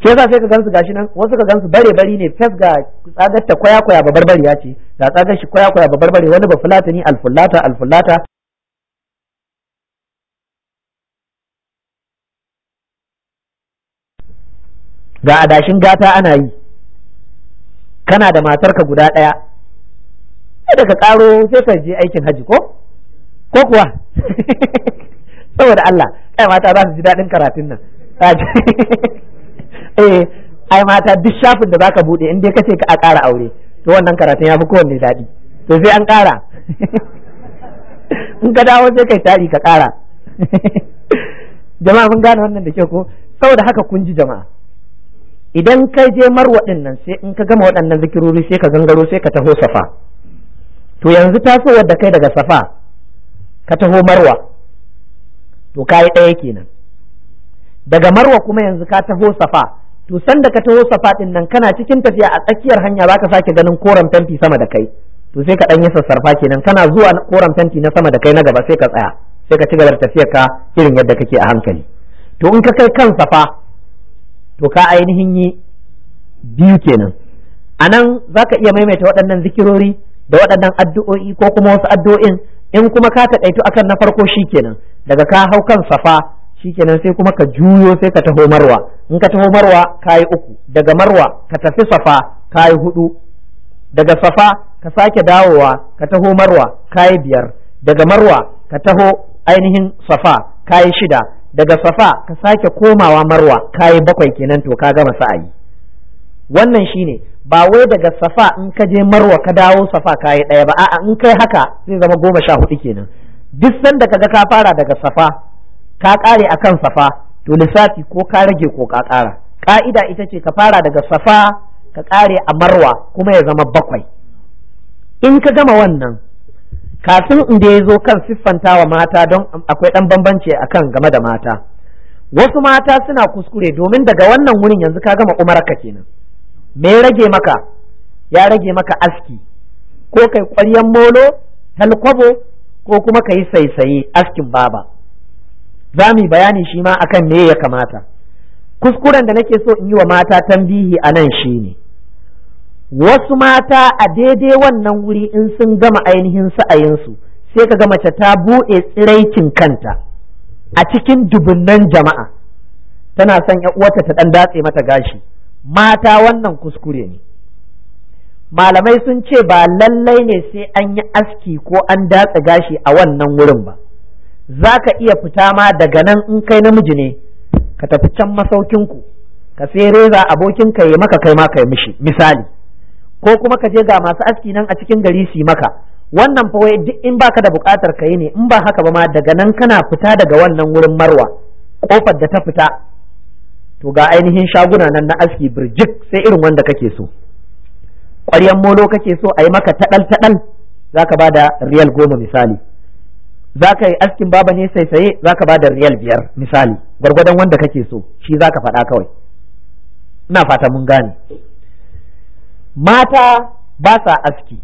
sai yasa sai ka gansu gashi nan wasu ka gansu bare bari ne fes ga tsagar ta kwaya kwaya babbar bariya ce ga ka shi kwaya kwaya babbar wani ba fulata ni alfullata alfullata ga adashin gata ana yi kana da matarka guda ɗaya sai daga ƙaro sai ka je aikin hajji ko ko kuwa saboda Allah ai mata za su ji daɗin karatun nan eh ai mata duk shafin da zaka bude in dai kace ka a ƙara aure to wannan karatun ya fi kowanne daɗi to sai an ƙara in ka dawo sai kai tari ka ƙara jama'a mun gane wannan da ke ko saboda haka kun ji jama'a idan ka je marwa waɗannan sai in ka gama waɗannan zikirori sai ka gangaro sai ka taho safa to yanzu tasowar da kai daga safa ka taho marwa to kayi ɗaya kenan daga marwa kuma yanzu ka taho safa to sanda ka taho safa din nan kana cikin tafiya a tsakiyar hanya zaka sake ganin koren fenti sama da kai to sai ka dan yi sassarfa kenan kana zuwa koren fenti na sama da kai na gaba sai ka tsaya sai ka ci gaba da tafiyar ka irin yadda kake a hankali to in ka kai kan safa to ka ainihin yi biyu kenan a nan za ka iya maimaita waɗannan zikirori da waɗannan addu'o'i ko kuma wasu addu'o'in in kuma ka taɗaitu akan na farko shi kenan daga ka hau kan safa shikenan sai kuma ka juyo sai ka taho marwa in ka taho marwa kayi uku daga marwa ka tafi safa kayi hudu daga safa ka sake dawowa ka taho marwa kayi biyar daga marwa ka taho ainihin safa kayi shida daga safa ka sake komawa marwa kayi bakwai kenan to ka gama sa'ayi wannan shine ba wai daga safa in ka je marwa ka dawo safa kayi ɗaya ba a'a in kai haka zai zama goma sha hudu kenan duk sanda kaga ka fara daga safa ka ƙare a kan safa to lissafi ko ka rage ko ka ƙara, ƙa'ida ita ce ka fara daga safa ka ƙare a marwa kuma ya zama bakwai in ka gama wannan kafin inda ya zo kan siffantawa mata don akwai ɗan bambanci akan game da mata wasu mata suna kuskure domin daga wannan wurin yanzu ka gama ka kenan me rage maka ya rage maka aski ko kai ƙwaryen molo talkwabo ko kuma ka yi saisaye askin baba za mu yi bayani shi ma akan me ya kamata kuskuren da nake so in yi wa mata tambihi a nan shi ne wasu mata a daidai wannan wuri in sun gama ainihin sa'ayinsu sai ka ga ta buɗe tsiraicin kanta a cikin dubunnan jama'a tana son uwarta ta ɗan datse mata gashi mata wannan kuskure ne malamai sun ce ba lallai ne sai an yi aski ko an datse gashi a wannan wurin ba za ka iya fita ma daga nan in kai namiji ne ka tafi can masaukinku ka sai reza abokin ka ya maka kai ma kai mishi misali ko kuma ka je ga masu aski nan a cikin gari su maka wannan fa wai duk in ba ka da bukatar ka yi ne in ba haka ba ma daga nan kana fita daga wannan wurin marwa kofar da ta fita to ga ainihin shaguna nan na aski birjik sai irin wanda kake so ƙwaryan molo kake so a yi maka taɗal taɗal za ka ba da riyal goma misali za ka yi askin baba ne sai saye za ka ba da riyal biyar misali gwargwadon wanda kake so shi za ka faɗa kawai ina fata mun gane mata ba sa aski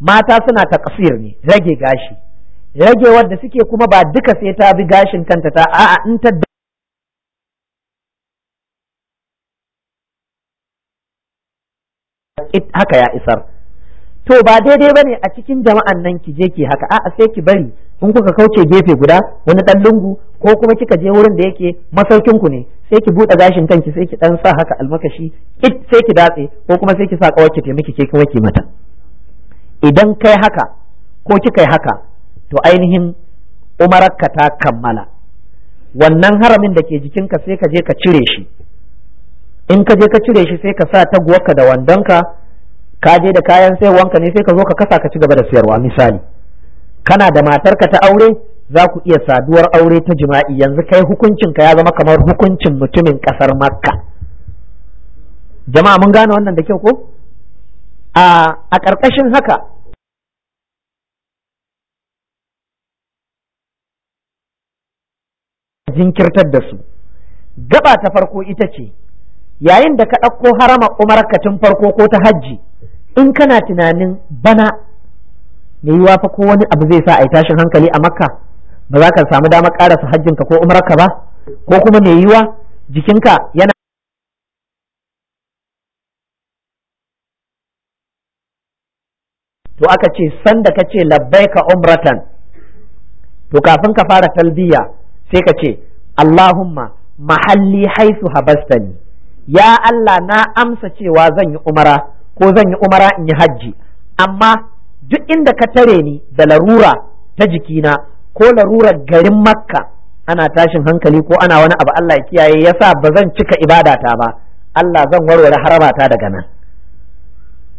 mata suna takasir ne rage gashi rage wadda suke kuma ba duka sai ta bi gashin kanta ta a in ta haka ya isar to ba daidai ba ne a cikin jama'an nan ki je ki haka a'a sai ki bari in kuka kauce gefe guda wani dan lungu ko kuma kika je wurin da yake masaukin ku ne sai ki bude gashin kanki sai ki dan sa haka almakashi sai ki datse ko kuma sai ki sa kawar ki miki ke kuma ki mata idan kai haka ko kika yi haka to ainihin umararka ta kammala wannan haramin da ke jikinka sai ka je ka cire shi in ka je ka cire shi sai ka sa taguwarka da wandonka ka je da kayan sayarwanka ne sai ka zo ka kasa ka ci gaba da sayarwa misali kana da matarka ta aure za ku iya saduwar aure ta jima'i yanzu kai ka ya zama kamar hukuncin mutumin kasar makka jama'a mun gane wannan da kyau ko a ƙarƙashin haka jinkirtar da su gaba ta farko ita ce yayin da ka ɗauko harama umarkacin farko ko ta hajji in kana tunanin bana mai yiwa fa ko wani abu zai sa a yi tashin hankali a makka ba za ka samu damar karasa hajjinka ko umarka ba ko kuma mai yiwa jikinka yana to aka ce sanda ka ce labbaika umratan to kafin ka fara talbiya sai ka ce Allahumma mahalli haisu habastani ya Allah na amsa cewa zan yi umara ko zan yi umara in yi hajji amma duk inda ka tare ni da larura ta jikina ko larurar garin makka ana tashin hankali ko ana wani abu Allah ya kiyaye yasa ba zan cika ibadata ba Allah zan warware harabata daga nan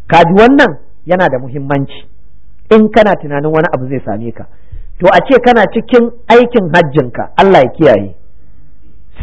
kaji wannan yana da muhimmanci in kana tunanin wani abu zai same ka to a ce kana cikin aikin hajjinka Allah ya kiyaye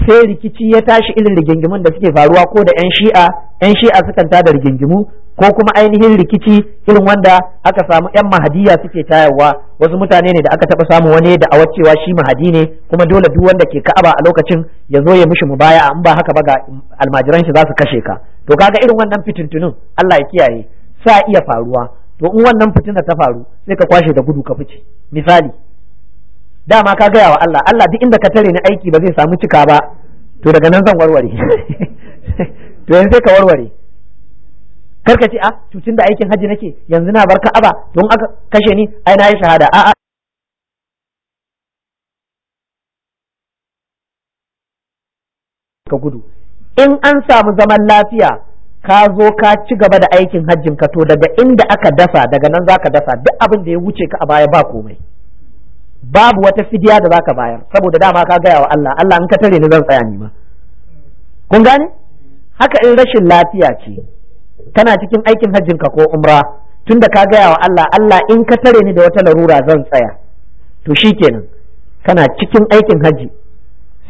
sai rikici ya tashi irin rigingimun da suke faruwa ko da 'yan shi'a 'yan shi'a sukan tada rigingimu ko kuma ainihin rikici irin wanda aka samu yan mahadiya suke tayarwa wasu mutane ne da aka taba samu wani da awar cewa shi mahadi ne kuma dole duk wanda ke ka'aba a lokacin ya zo ya mishi mubaya in ba haka ba ga almajiran shi za su kashe ka to kaga irin wannan fitintunun Allah ya kiyaye sa iya faruwa to in wannan fitina ta faru sai ka kwashe da gudu ka fice misali dama ka gaya wa Allah Allah duk inda ka tare ni aiki ba zai samu cika ba to daga nan zan warware to yanzu sai ka warware karka ce a ah, tutun da aikin haji nake yanzu na bar aba don aka kashe ni ai na yi shahada a'a ka gudu in an samu zaman lafiya ka zo ka ci gaba da aikin hajjin ka to daga inda aka dafa daga nan zaka dasa duk abin da ya wuce ka a baya ba komai babu wata fidiya da zaka bayar saboda dama ka gaya wa Allah Allah in ka tare ni zan tsaya ni ma kun gane haka in rashin lafiya ce kana cikin aikin hajjin ka ko umra tunda ka gaya wa Allah Allah in ka tare ni da wata larura zan tsaya to shikenan kana cikin aikin hajji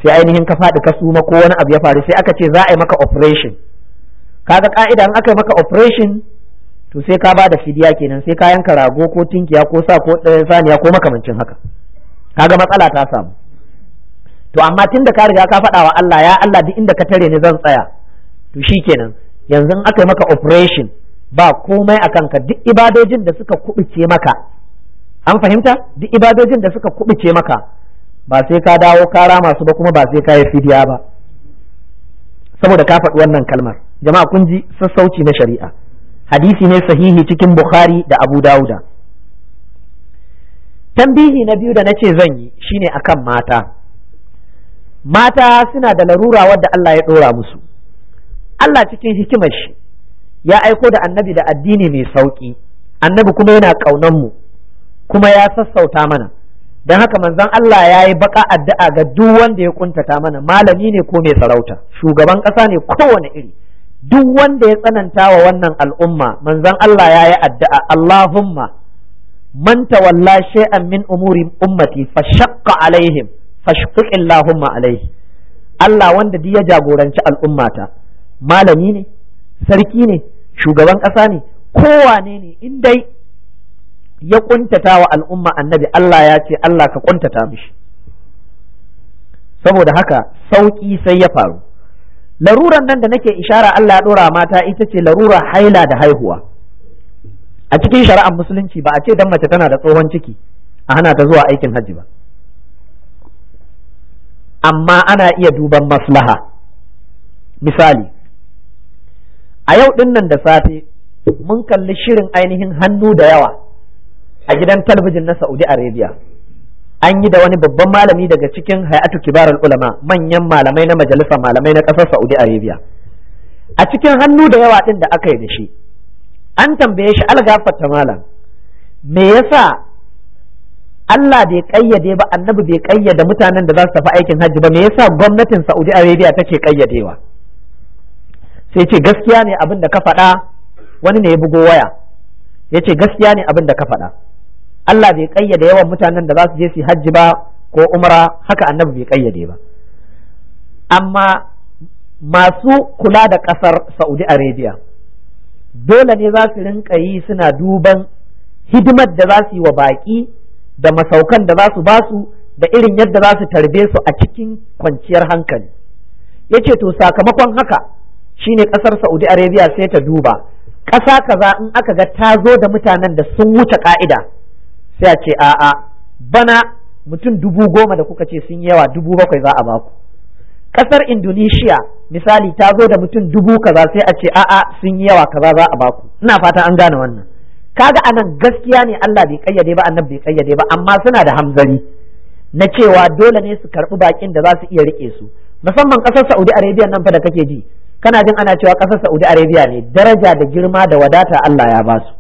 sai ainihin ka faɗi ka suma ko wani abu ya faru sai aka ce za a yi maka operation kaga ka'ida in aka yi maka operation to sai ka ba da fidiya kenan sai ka yanka rago ko tinkiya ko sa ko saniya ko makamancin haka kaga matsala ta samu to amma tunda ka riga ka faɗa wa Allah ya Allah duk inda ka tare ni zan tsaya to shikenan yanzu aka yi maka operation ba komai a kanka duk ibadojin da suka kubuce maka an fahimta duk ibadojin da suka kubuce maka ba sai ka dawo kara masu ba kuma ba sai ka yi fidiya ba saboda ka faɗi wannan kalmar jama'a kun ji sassauci na shari'a hadisi ne sahihi cikin bukhari da abu dauda tambihi na biyu da na ce zan yi shine akan mata mata suna da larura wadda Allah ya ɗora musu Allah cikin hikimar shi ya aiko da annabi da addini mai sauƙi. annabi kuma yana ƙaunar mu kuma ya sassauta mana don haka manzon Allah ya yi baka addu'a ga duk wanda ya kuntata mana malami ne ko mai sarauta shugaban ƙasa ne kowane iri duk wanda ya tsananta wa wannan al'umma manzon Allah ya yi addu'a Allahumma man tawalla shay'an min umuri ummati fashaqqa alaihim fashqiq Allahumma alaihi Allah wanda duk ya jagoranci al'ummata malami ne sarki ne shugaban ƙasa ne kowane ne in dai ya ƙuntata wa al'umma annabi Allah ya ce Allah ka kuntata mishi saboda haka sauƙi sai ya faru laruran nan da nake ishara Allah ya ɗora mata ita ce larura haila da haihuwa a cikin shari'ar musulunci ba a ce dan mace tana da tsohon ciki a hana ta zuwa aikin hajji ba amma ana iya duban maslaha misali a yau din nan da safe mun kalli shirin ainihin hannu da yawa a gidan talabijin na Saudi Arabia an yi da wani babban malami daga cikin hay'atu kibarul ulama manyan malamai na majalisa, malamai na ƙasar Saudi Arabia a cikin hannu da yawa din da aka yi da shi an tambaye shi algafata malam me yasa Allah bai kayyade ba annabi bai kayyade mutanen da za su tafi aikin hajji ba me yasa gwamnatin Saudi Arabia take kayyadewa sai ce gaskiya ne abin da ka faɗa wani ne ya bugo waya ya ce gaskiya ne abin da ka faɗa Allah bai ƙayyade yawan mutanen da za su je su hajji ba ko umra haka annabi bai ƙayyade ba amma masu kula da ƙasar Saudi Arabia dole ne za su rinka yi suna duban hidimar da za su yi wa baƙi da masaukan da za su ba su da irin yadda za su tarbe su a cikin kwanciyar hankali ya ce to sakamakon haka Shi ne ƙasar Saudi Arabia sai ta duba ƙasa kaza in aka ga ta zo da mutanen da sun wuce ƙa'ida sai a ce a'a bana mutum dubu goma da kuka ce sun yawa dubu bakwai za a baku ƙasar Indonesia misali ta zo da mutum dubu kaza sai a ce a'a sun yawa kaza za a baku ina fata an gane wannan kaga anan gaskiya ne Allah bai ƙayyade ba annabi bai kayyade ba amma suna da hamzari na cewa dole ne su karɓi bakin da za su iya rike su musamman ƙasar Saudi Arabia nan fa da kake ji kana jin ana cewa ƙasar Saudi Arabia ne daraja da girma da wadata Allah ya ba su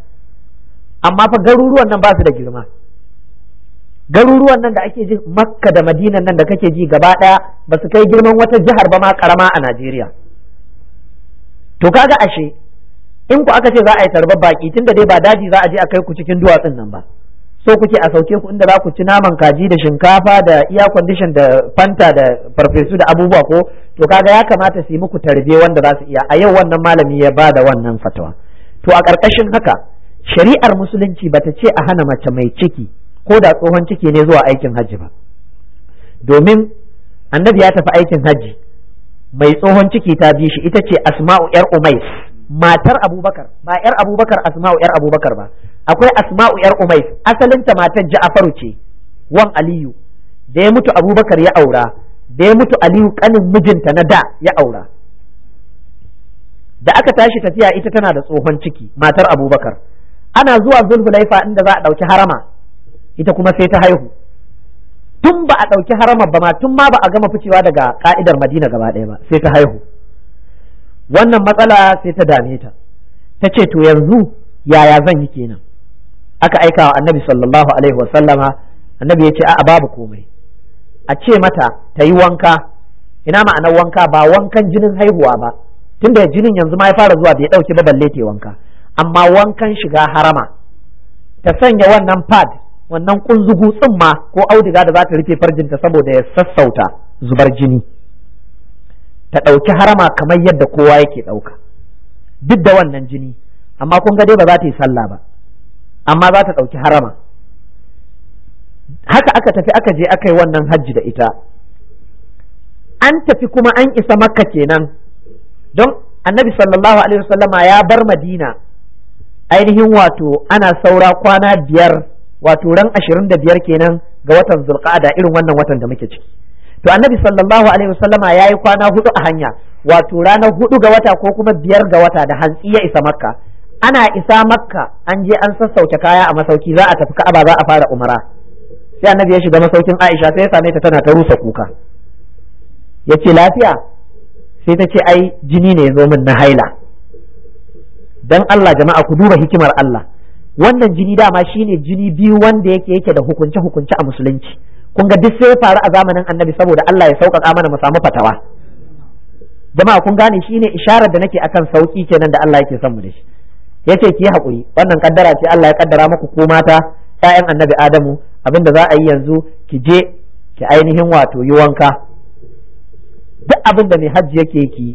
amma fa garuruwan nan ba su da girma garuruwan nan da ake ji Makka da Madinan nan da kake ji gaba ɗaya ba su kai girman wata jihar ba ma karama a Najeriya to kaga ashe in ku aka ce za a yi tarbar baki tunda dai ba daji za a je a kai ku cikin duwatsun nan ba so kuke a sauke ku inda za ku ci naman kaji da shinkafa da iya kwandishin da fanta da farfesu da abubuwa ko to kaga ya kamata su yi muku tarbe wanda za su iya a yau wannan malami ya ba da wannan fatawa to a ƙarƙashin haka shari'ar musulunci bata ce a hana mace mai ciki ko da tsohon ciki ne zuwa aikin hajji ba domin annabi ya tafi aikin hajji mai tsohon ciki ta bi shi ita ce asma'u yar umais matar abubakar ba yar abubakar asma'u yar abubakar ba akwai asma'u yar umais asalinta matar ja'afaru ce wan aliyu da ya mutu abubakar ya aura da ya mutu aliyu kanin mijinta na da ya aura da aka tashi tafiya ita tana da tsohon ciki matar abubakar ana zuwa zulhulaifa inda za a ɗauki harama ita kuma sai ta haihu tun ba a ɗauki harama ba ma tun ma ba a gama ficewa daga ka'idar madina gaba ɗaya ba sai ta haihu wannan matsala sai ta dame ta ta ce to yanzu yaya zan yi kenan aka aika wa annabi sallallahu alaihi wa annabi ya ce a'a babu komai a ce mata ta yi wanka ina ma'anar wanka ba wankan jinin haihuwa ba tunda jinin yanzu ma ya fara zuwa bai dauke ba balle ta wanka amma wankan shiga harama ta sanya wannan pad wannan kunzugu tsumma ko auduga da za ta rufe farjinta saboda ya sassauta zubar jini ta ɗauki harama kamar yadda kowa yake ɗauka duk da wannan jini amma kun ga dai ba za ta yi sallah ba amma za ta ɗauki harama haka aka tafi aka je aka yi wannan hajji da ita an tafi kuma an isa makka kenan don annabi sallallahu alaihi wasallama ya bar madina ainihin wato ana saura kwana biyar wato ran ashirin da biyar kenan ga watan zulqa'ada irin wannan watan da muke ciki to annabi sallallahu alaihi wasallama yayi kwana hudu a hanya wato ranar hudu ga wata ko kuma biyar ga wata da hantsi ya isa makka ana isa makka an je an sassauce kaya a masauki za a tafi ka'aba za a fara umara sai annabi ya shiga masaukin aisha sai ya same ta tana ta rusa kuka yace lafiya sai ta ce ai jini ne ya zo min na haila dan Allah jama'a ku duba hikimar Allah wannan jini dama shine jini biyu wanda yake yake da hukunce hukunce a musulunci kun ga duk sai faru a zamanin annabi saboda Allah ya sauƙaƙa mana mu samu fatawa jama'a kun gane shine isharar da nake akan sauki kenan da Allah yake son mu da shi ya ce ki haƙuri wannan kaddara ce Allah ya kaddara muku ko mata ƴaƴan annabi Adamu abinda za a yi yanzu ki je ki ainihin wato yi wanka duk abin da mai hajji yake ki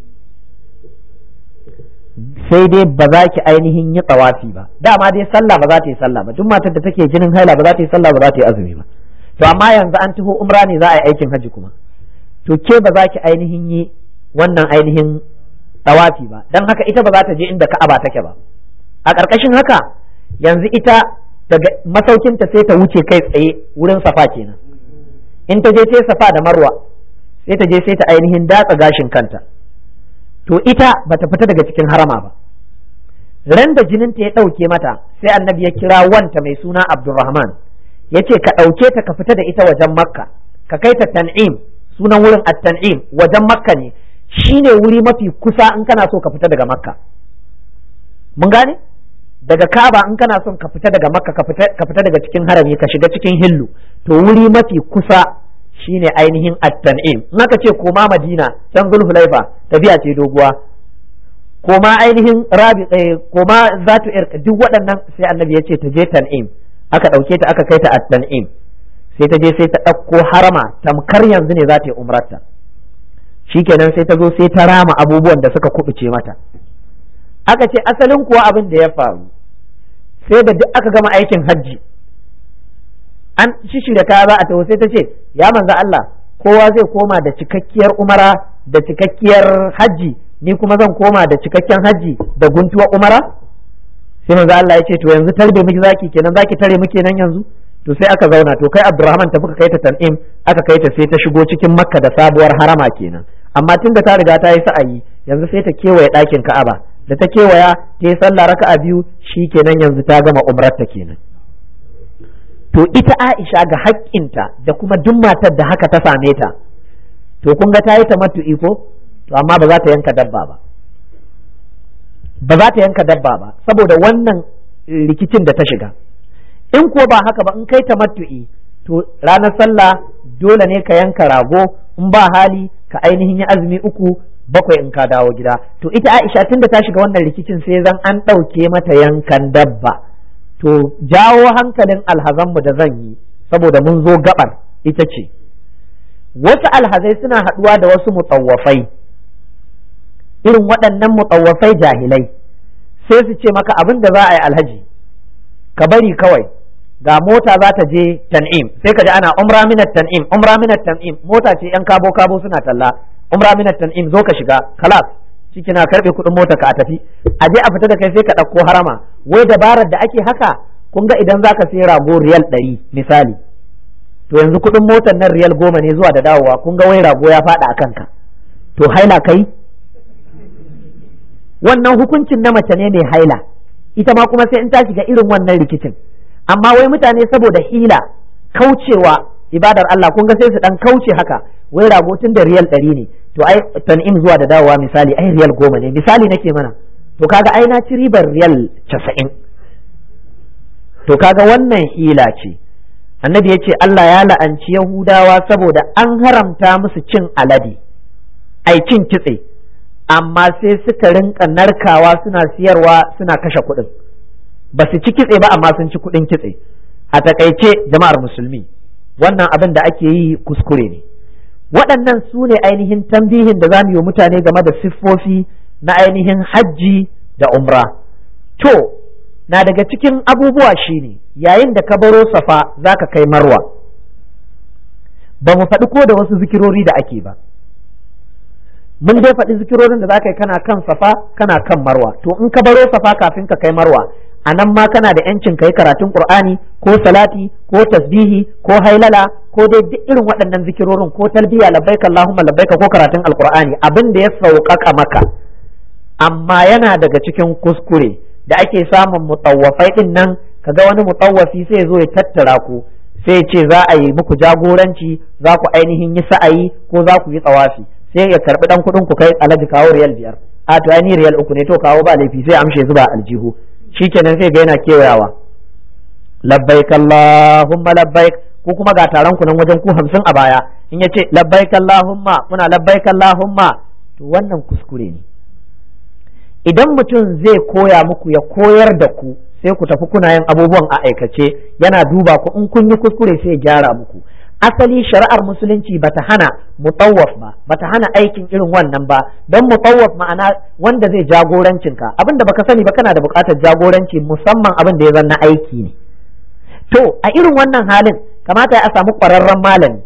sai dai ba za ki ainihin yi tsawafi ba dama dai sallah ba za ta yi sallah ba duk matar da take jinin haila ba za ta yi sallah ba za ta yi azumi ba to amma yanzu an taho umra ne za a yi aikin haji kuma to ke ba za ki ainihin yi wannan ainihin tawafi ba dan haka ita ba za ta je inda ka'aba take ba a ƙarƙashin haka yanzu ita daga ta sai ta wuce kai tsaye wurin safa kenan in ta je ta safa da marwa sai ta je sai ta ainihin datsa gashin kanta to ita ba ta fita daga cikin harama ba ran da ta ya ɗauke mata sai annabi ya kira wanta mai suna abdulrahman yace ka ɗauke ta ka fita da ita wajen makka ka kai ta tan'im sunan wurin at-tan'im wajen makka ne shine wuri mafi kusa in kana so ka fita daga makka mun gane daga kaba in kana son ka fita daga makka ka fita daga cikin harami ka shiga cikin hillu to wuri mafi kusa shine ainihin at-tan'im in aka ce koma madina can ta tafiya ce doguwa koma ainihin rabi eh, koma zatu irka duk waɗannan sai annabi ya ce ta je tan'im aka ɗauke ta aka kai ta at-tan'im sai ta je sai ta ɗauko harama tamkar yanzu ne za ta yi umrarta shikenan sai ta zo sai ta rama abubuwan da suka kubuce mata aka ce asalin kuwa abin da ya faru sai da duk aka gama aikin hajji an shishirya kaya za a taho sai ta ce ya manza Allah kowa zai koma da cikakkiyar umara da cikakkiyar hajji ni kuma zan koma da cikakken hajji da guntuwar umara sai manzo Allah ya ce to yanzu tarbe miki zaki kenan zaki tare miki nan yanzu to sai aka zauna to kai Abdurrahman ta kai ta Tan'im aka kai ta sai ta shigo cikin Makka da sabuwar harama kenan amma tun da ta riga ta yi sa'ayi yanzu sai ta kewaye ɗakin Ka'aba da ta kewaya ta yi sallah raka'a biyu shi kenan yanzu ta gama umrar ta kenan to ita Aisha ga haƙƙinta da kuma duk matar da haka ta same ta to kun ga ta yi ta matu'i ko to amma ba za ta yanka dabba ba ba za ta yanka dabba ba saboda wannan rikicin da ta shiga in kuwa ba haka ba in kai ta matu'i to ranar sallah dole ne ka yanka rago in ba hali ka ainihin yi azumi uku bakwai in ka dawo gida to ita Aisha tun da ta shiga wannan rikicin sai zan an ɗauke mata yankan dabba to jawo hankalin alhazanmu da zan yi saboda mun zo gabar ita ce wasu alhazai suna haɗuwa da wasu mutsawafai irin waɗannan mutsawafai jahilai sai su ce maka abin da za a yi alhaji ka bari kawai ga mota za ta je tan'im sai ka ji ana umra minat tan'im umra minat tan'im mota ce yan kabo kabo suna talla umra minat tan'im zo ka shiga kalas ciki na karbe kuɗin mota ka a tafi a je a fita da kai sai ka ɗauko harama wai dabarar da ake haka kun ga idan zaka sai rago riyal ɗari misali to yanzu kuɗin motar nan riyal goma ne zuwa da dawowa kun ga wai rago ya faɗa a kanka to haila kai wannan hukuncin na mace ne mai haila ita ma kuma sai in ta shiga irin wannan rikicin amma wai mutane saboda hila kaucewa ibadar Allah kun ga sai su dan kauce haka wai rago tun da riyal ɗari ne to ai tan'im zuwa da dawowa misali ai riyal goma ne misali nake mana to kaga ai na ci ribar riyal casa'in to kaga wannan hila ce annabi ya ce Allah ya la'anci yahudawa saboda an haramta musu cin alade ai cin kitse amma sai suka rinka narkawa suna siyarwa suna kashe kuɗin ba su ci kitse ba amma sun ci kuɗin kitse a takaice jama'ar musulmi wannan abin da ake yi kuskure ne waɗannan su ne ainihin tambihin da za mu yi mutane game da siffofi na ainihin hajji da umra to na daga cikin abubuwa shine yayin da ka baro safa za ka kai marwa ba mu faɗi ko da wasu zikirori da ake ba mun dai faɗi zikirorin da za ka yi kana kan safa kana kan marwa to in ka baro safa kafin ka kai marwa a nan ma kana da yancin ka yi karatun qur'ani ko salati ko tasbihi ko hailala ko dai duk irin waɗannan zikirorin ko talbiya labbaik allahumma labbaik ko karatun alqur'ani abin da ya sauƙaƙa maka amma yana daga cikin kuskure da ake samun mutawafai din nan ga wani mutawafi sai zo ya tattara ku sai ce za a yi muku jagoranci za ku ainihin yi sa'ayi ko za ku yi tsawafi sai ya karbi dan kuɗin ku kai alaji kawo riyal biyar a to ni riyal uku ne to kawo ba laifi sai amshe zuba aljihu shikenan sai ga yana kewayawa labbaik allahumma labbaik ko kuma ga taron ku nan wajen ku hamsin a baya in yace labbaik allahumma muna labbaik allahumma to wannan kuskure ne idan mutum zai koya muku ya koyar da ku sai ku tafi kuna yin abubuwan a aikace yana duba ku in kun yi kuskure sai ya gyara muku asali shari'ar musulunci ba ta hana mutawaf ba ba ta hana aikin irin wannan ba don mutawaf ma'ana wanda zai jagorancin ka abinda baka sani ba kana da bukatar jagoranci musamman abin da ya zanna aiki ne to a irin wannan halin kamata a samu kwararren malami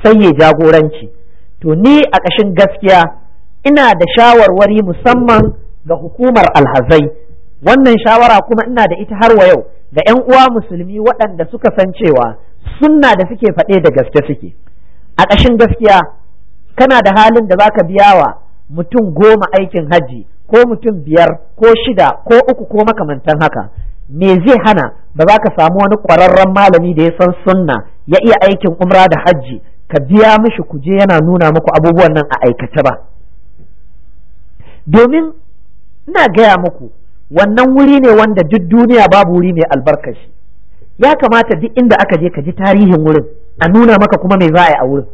sai ya jagoranci to ni a ƙashin gaskiya ina da shawarwari musamman ga hukumar alhazai wannan shawara kuma ina da ita har wa yau ga 'yan uwa musulmi waɗanda suka san cewa sunna da suke faɗe da gaske suke a ƙashin gaskiya kana da halin da zaka biya wa mutum goma aikin hajji ko mutum biyar ko shida ko uku ko makamantan haka me zai hana ba za ka samu wani ƙwararren malami da ya san sunna ya iya aikin umra da hajji ka biya mishi kuje yana nuna muku abubuwan nan a aikace ba domin ina gaya muku wannan wuri ne wanda duk duniya babu wuri mai albarkashi ya kamata duk inda aka je ka ji tarihin wurin a nuna maka kuma mai za a yi a wurin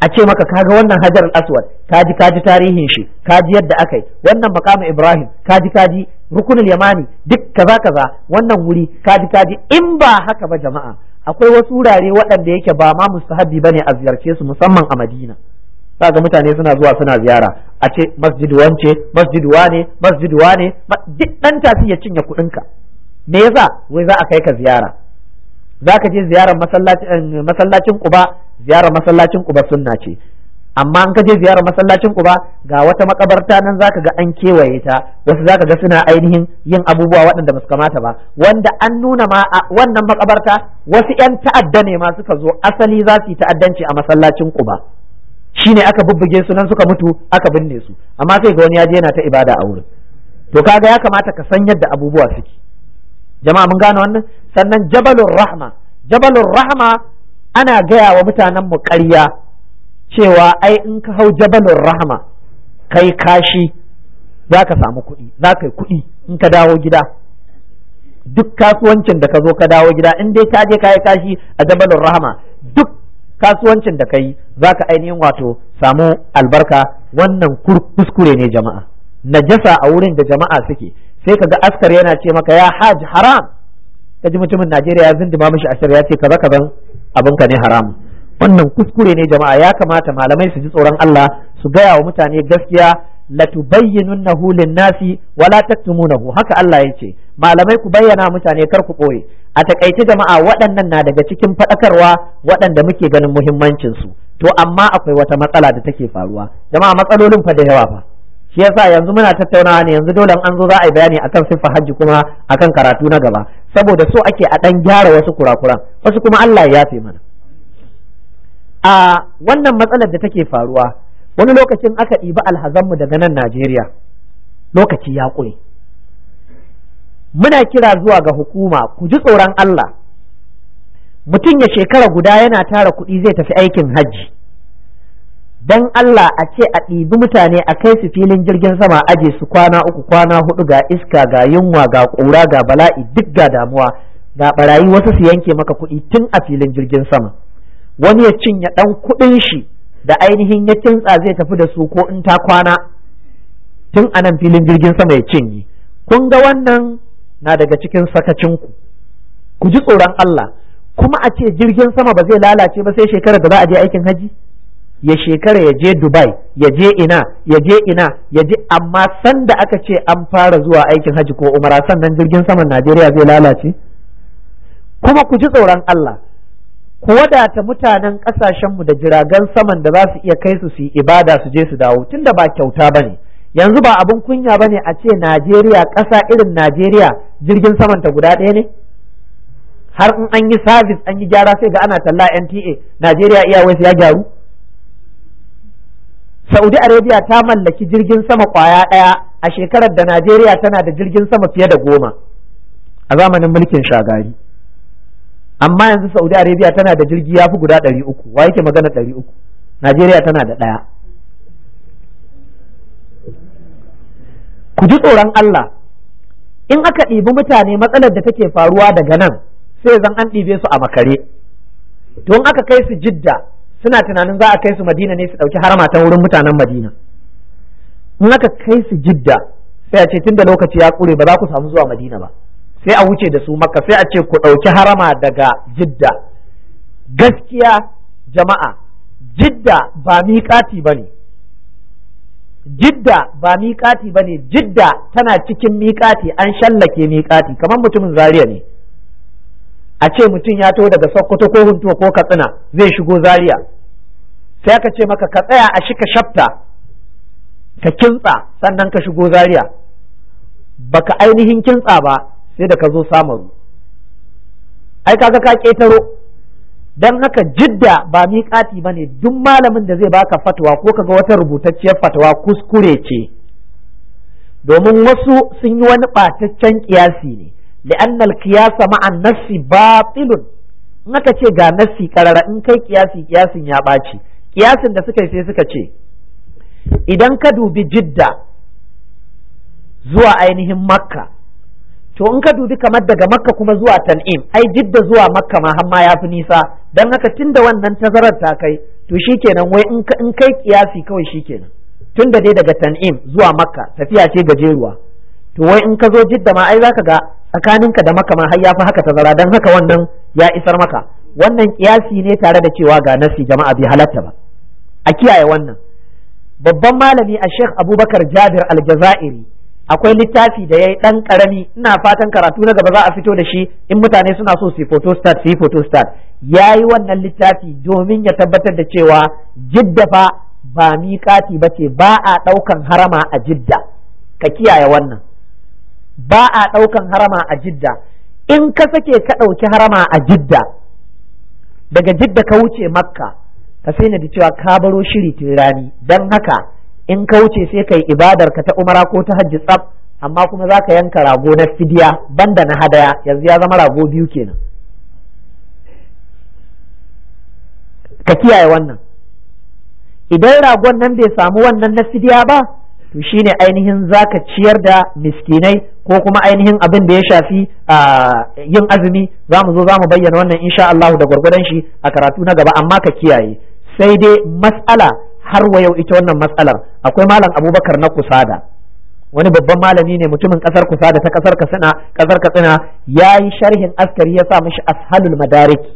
a ce maka kaga wannan hajar aswad kaji kaji tarihin shi kaji yadda aka yi wannan makamu ibrahim kaji kaji rukunin yamani duk kaza kaza wannan wuri kaji kaji in ba haka ba jama'a akwai wasu wurare waɗanda yake ba ma mustahabi bane a ziyarce su musamman a madina ga mutane suna zuwa suna ziyara a ce masjid wance masjid wane masjid wane duk dan tasi ya cinye kuɗinka me yasa wai za a kai ka ziyara za ka je ziyarar eh, masallacin kuba ziyarar masallacin kuba sunna ce amma an je ziyarar masallacin kuba ga wata makabarta nan zaka ga an kewaye ta wasu zaka ga suna ainihin yin abubuwa waɗanda ba su kamata ba wanda an nuna ma a wannan makabarta wasu yan ta'adda ne ma suka zo asali za su yi ta'addanci a masallacin kuba ne aka bubbuge su nan suka mutu aka binne su amma sai ga wani ya je yana ta ibada a wurin to kaga ya kamata ka san yadda abubuwa suke jama'a mun gane wannan sannan jabalur rahma jabalur rahma ana gaya wa mutanen mu ƙarya cewa ai in ka hau jabalur rahma kai kashi za ka samu kuɗi za ka yi kuɗi in ka dawo gida duk kasuwancin da ka zo ka dawo gida in dai ka je ka yi kashi a jabalur rahma duk kasuwancin da ka yi za ka ainihin wato samu albarka wannan kuskure ne jama'a najasa a wurin da jama'a suke sai ka ga askar yana ce maka ya haj haram kaji mutumin Najeriya ya zindima mishi a ya ce kaza kazan abin ka ne haram wannan kuskure ne jama'a ya kamata malamai su ji tsoron Allah su gaya wa mutane gaskiya latubayyinunnahu lin-nasi wala taktumunahu haka Allah ya ce malamai ku bayyana mutane kar ku ɓoye a takaice jama'a waɗannan na daga cikin faɗakarwa waɗanda muke ganin muhimmancin su to amma akwai wata matsala da take faruwa jama'a matsalolin fa da yawa fa shi yasa yanzu muna tattaunawa ne yanzu dole an zo za a yi bayani akan siffa hajji kuma akan karatu na gaba saboda so ake a ɗan gyara wasu kurakuran wasu kuma Allah ya yafe mana a wannan matsalar da take faruwa wani lokacin aka ɗibi alhazanmu daga nan Najeriya lokaci ya ƙure muna kira zuwa ga hukuma ku ji tsoron Allah mutum ya shekara guda yana tara kuɗi zai tafi aikin hajji dan Allah a ce a ɗibi mutane a kai su filin jirgin sama aje su kwana uku kwana hudu ga iska ga yunwa ga ƙura ga bala'i duk ga damuwa ga barayi wasu su yanke maka kuɗi tun a filin jirgin sama wani ya cinye ɗan kuɗin shi da ainihin ya kintsa zai tafi da su ko in ta kwana tun a nan filin jirgin sama ya cinye kun ga wannan na daga cikin sakacinku ku ji tsoron Allah kuma a ce jirgin sama ba zai lalace ba sai shekarar da za a je aikin hajji? ya shekara ya je dubai ya je ina ya je ina ya je amma sanda aka ce an fara zuwa aikin haji ko umara sannan jirgin saman najeriya zai lalace kuma ku ji tsoron allah ku wadata mutanen mu da jiragen saman da za su iya kai su su yi ibada su je su dawo tunda ba kyauta ba ne yanzu ba abin kunya ba ne a ce najeriya ƙasa irin najeriya jirgin saman ta guda ɗaya ne har in an yi sabis an yi gyara sai ga ana talla nta najeriya airways ya gyaru Saudi Arabia ta mallaki jirgin sama kwaya ɗaya a shekarar da Najeriya tana da jirgin sama fiye da goma a zamanin mulkin shagari. Amma yanzu Saudi Arabia tana da jirgi ya fi guda ɗari uku, wa yake magana ɗari uku? Najeriya tana da ɗaya. Ku ji tsoron Allah, in aka ɗibi mutane matsalar da take faruwa daga nan sai zan an ɗibe su a makare. Don aka kai su jidda suna tunanin za a kai su madina ne su ɗauki harama ta wurin mutanen madina in aka kai su jidda sai a ce tun da lokaci ya ƙure ba za ku samu zuwa madina ba sai a wuce da su maka sai a ce ku ɗauki harama daga jidda gaskiya jama'a jidda ba miƙati ba ne jidda ba miƙati ba ne jidda tana cikin miƙati an shallake miƙati kamar mutumin Zariya ne a ce mutum ya to daga sokoto ko huntuwa ko katsina zai shigo Zariya. sai aka ce maka ka tsaya a shika ka shafta ka kintsa sannan ka shigo zaria baka ainihin kintsa ba sai da ka zo samaru ai kaga ka ƙetaro don haka jidda ba miƙati ba ne duk malamin da zai baka fatawa ko kaga wata rubutacciyar fatawa kuskure ce domin wasu sun yi wani ɓataccen ƙiyasi ne li'annal kiyasa ma'an nassi batilun in aka ce ga nassi karara in kai kiyasi kiyasin ya ɓaci kiyasin da suka yi sai suka ce idan ka dubi jidda zuwa ainihin makka to in ka dubi kamar daga makka kuma zuwa tan'im ai jidda zuwa makka ma hamma ya fi nisa don haka tun da wannan tazarar ta kai to shikenan wai in kai kiyasi kawai shikenan tun da dai daga tan'im zuwa makka tafiya ce gajeruwa to wai in ka zo jidda ma ai zaka ga tsakaninka da makka ma har ya fi haka tazara don haka wannan ya isar maka wannan kiyasi ne tare da cewa ga nasi jama'a bai halatta ba a kiyaye wannan babban malami a Sheikh Abubakar Jabir Aljazairi akwai littafi da ya yi ɗan karami ina fatan karatu na gaba za a fito da shi in mutane suna so su yi photostat su yi photostat yayi wannan littafi domin ya tabbatar da cewa jidda fa ba miƙati ba ce ba a ɗaukan harama a jidda ka kiyaye wannan ba a ɗaukan harama a jidda in ka sake ka ɗauki harama a jidda daga jidda ka wuce makka ka sai na da cewa ka baro shiri tun rani don haka in ka wuce sai ka yi ibadar ka ta umara ko ta hajji tsab, amma kuma za ka yanka rago na fidiya banda na hadaya yanzu ya zama rago biyu kenan ka kiyaye wannan idan ragon nan bai samu wannan na fidiya ba to shine ainihin za ka ciyar da miskinai ko kuma ainihin abin da ya shafi a yin azumi za mu zo za mu bayyana wannan insha Allah da gwargwadon shi a karatu na gaba amma ka kiyaye sai dai matsala har wa yau ita wannan matsalar akwai malam abubakar na kusa da wani babban malami ne mutumin kasar kusa da ta kasar katsina kasar katsina ya yi sharhin askari ya sa mishi ashalul madariki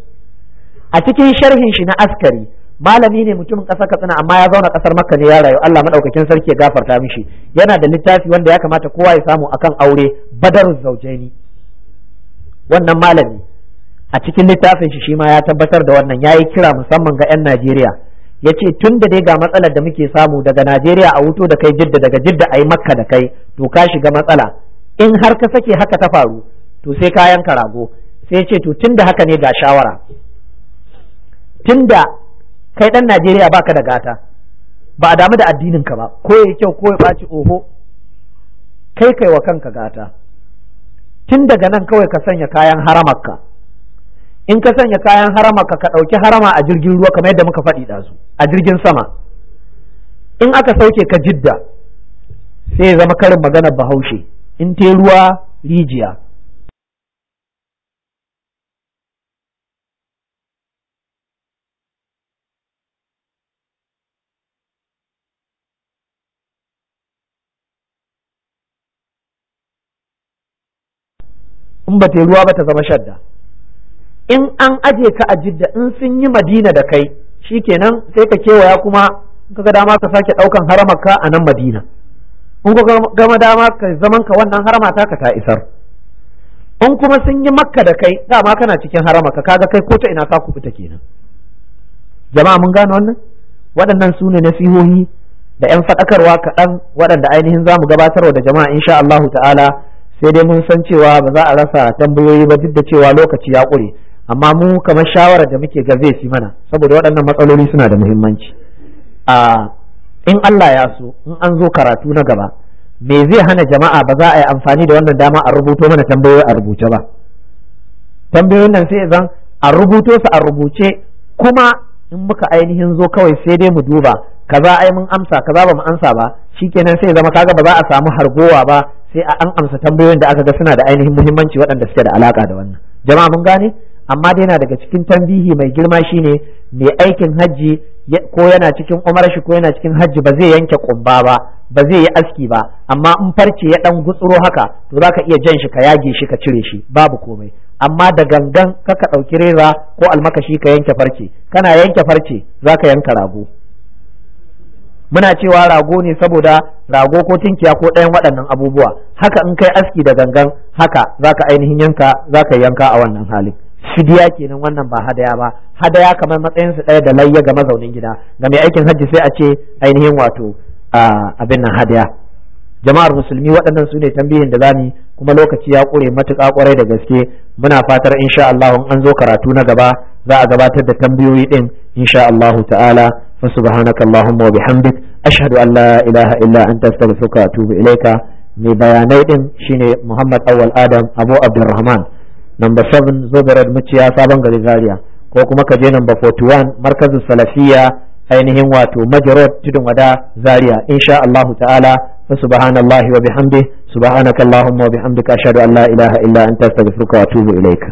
a cikin sharhin shi na askari malami ne mutumin ƙasar katsina amma ya zauna kasar makka ne ya rayu Allah madaukakin sarki ya gafarta mishi yana da littafi wanda ya kamata kowa ya samu akan aure badar zaujeni wannan malami a cikin littafin shi shima ya tabbatar da wannan yayi kira musamman ga 'yan Najeriya ya ce tun da dai ga matsalar da muke samu daga Najeriya a wuto da kai jidda daga jidda a yi makka da kai to ka shiga matsala in har ka sake haka ta faru to sai kayan karago rago sai ce to tun da haka ne ga shawara tun da kai ɗan Najeriya baka da gata ba a damu da addinin ka ba ko ya kyau ko ya ɓaci oho kai kai wa kanka gata tun daga nan kawai ka sanya kayan haramarka in ka sanya kayan harama ka ka ɗauki harama a jirgin ruwa kamar yadda muka faɗi ɗazu a jirgin sama in aka sauke ka jidda sai zama karin magana bahaushe in te ruwa rijiya in ba te ruwa ba ta zama shadda in an aje ka a jidda in sun yi madina da kai shi kenan sai ka kewaya kuma kaga dama ka sake daukan haramar a nan madina in ka gama dama ka zaman ka wannan harama ta ka ta isar in kuma sun yi makka da kai dama kana cikin harama ka kaga kai ko ta ina ka ku fita kenan jama'a mun gane wannan waɗannan su ne nasihohi da 'yan faɗakarwa kaɗan waɗanda ainihin za mu gabatarwa da jama'a insha Allahu ta'ala sai dai mun san cewa ba za a rasa tambayoyi ba duk da cewa lokaci ya ƙure amma mu kamar shawarar da muke ga zai fi mana saboda waɗannan matsaloli suna da muhimmanci a in Allah ya so in an zo karatu na gaba me zai hana jama'a ba za a yi amfani da wannan dama a rubuto mana tambayoyi a rubuce ba tambayoyin nan sai zan a rubuto su a rubuce kuma in muka ainihin zo kawai sai dai mu duba kaza ai mun amsa kaza ba mu amsa ba shi shikenan sai zama kaga ba za a samu hargowa ba sai a an amsa tambayoyin da aka ga suna da ainihin muhimmanci waɗanda suke da alaka da wannan jama'a mun gane amma dai yana daga cikin tambihi mai girma shine mai aikin hajji ko yana cikin umar shi ko yana cikin hajji ba zai yanke kumba ba ba zai yi aski ba amma in farce ya dan gutsuro haka to za ka iya jan shi ka yage shi ka cire shi babu komai amma da gangan kaka ɗauki reza ko almakashi ka yanke farce kana yanke farce zaka yanka rago muna cewa rago ne saboda rago ko tinkiya ko ɗayan waɗannan abubuwa haka in kai aski da gangan haka zaka ainihin yanka zaka yanka a wannan halin fidiya kenan wannan ba hadaya ba hadaya kamar matsayin su ɗaya da layya ga mazaunin gida ga mai aikin hajji sai a ce ainihin wato abin nan hadaya jama'ar musulmi waɗannan su ne tambihin da zamu kuma lokaci ya ƙure matuƙa ƙwarai da gaske muna fatar insha Allah an zo karatu na gaba za a gabatar da tambayoyi din insha Allah ta'ala fa subhanaka allahumma wa bihamdik ashhadu an la ilaha illa anta astaghfiruka wa atubu ilaika mai bayanai din shine Muhammad awwal Adam Abu Abdulrahman number 7 zobe road muciya sabon gari zaria ko kuma ka je number 41 markazin salafiya ainihin wato majarot tudun wada zaria insha Allahu ta'ala fa subhanallahi wa bihamdi subhanakallahumma wa bihamdika ashhadu an la ilaha illa anta astaghfiruka wa atubu ilaika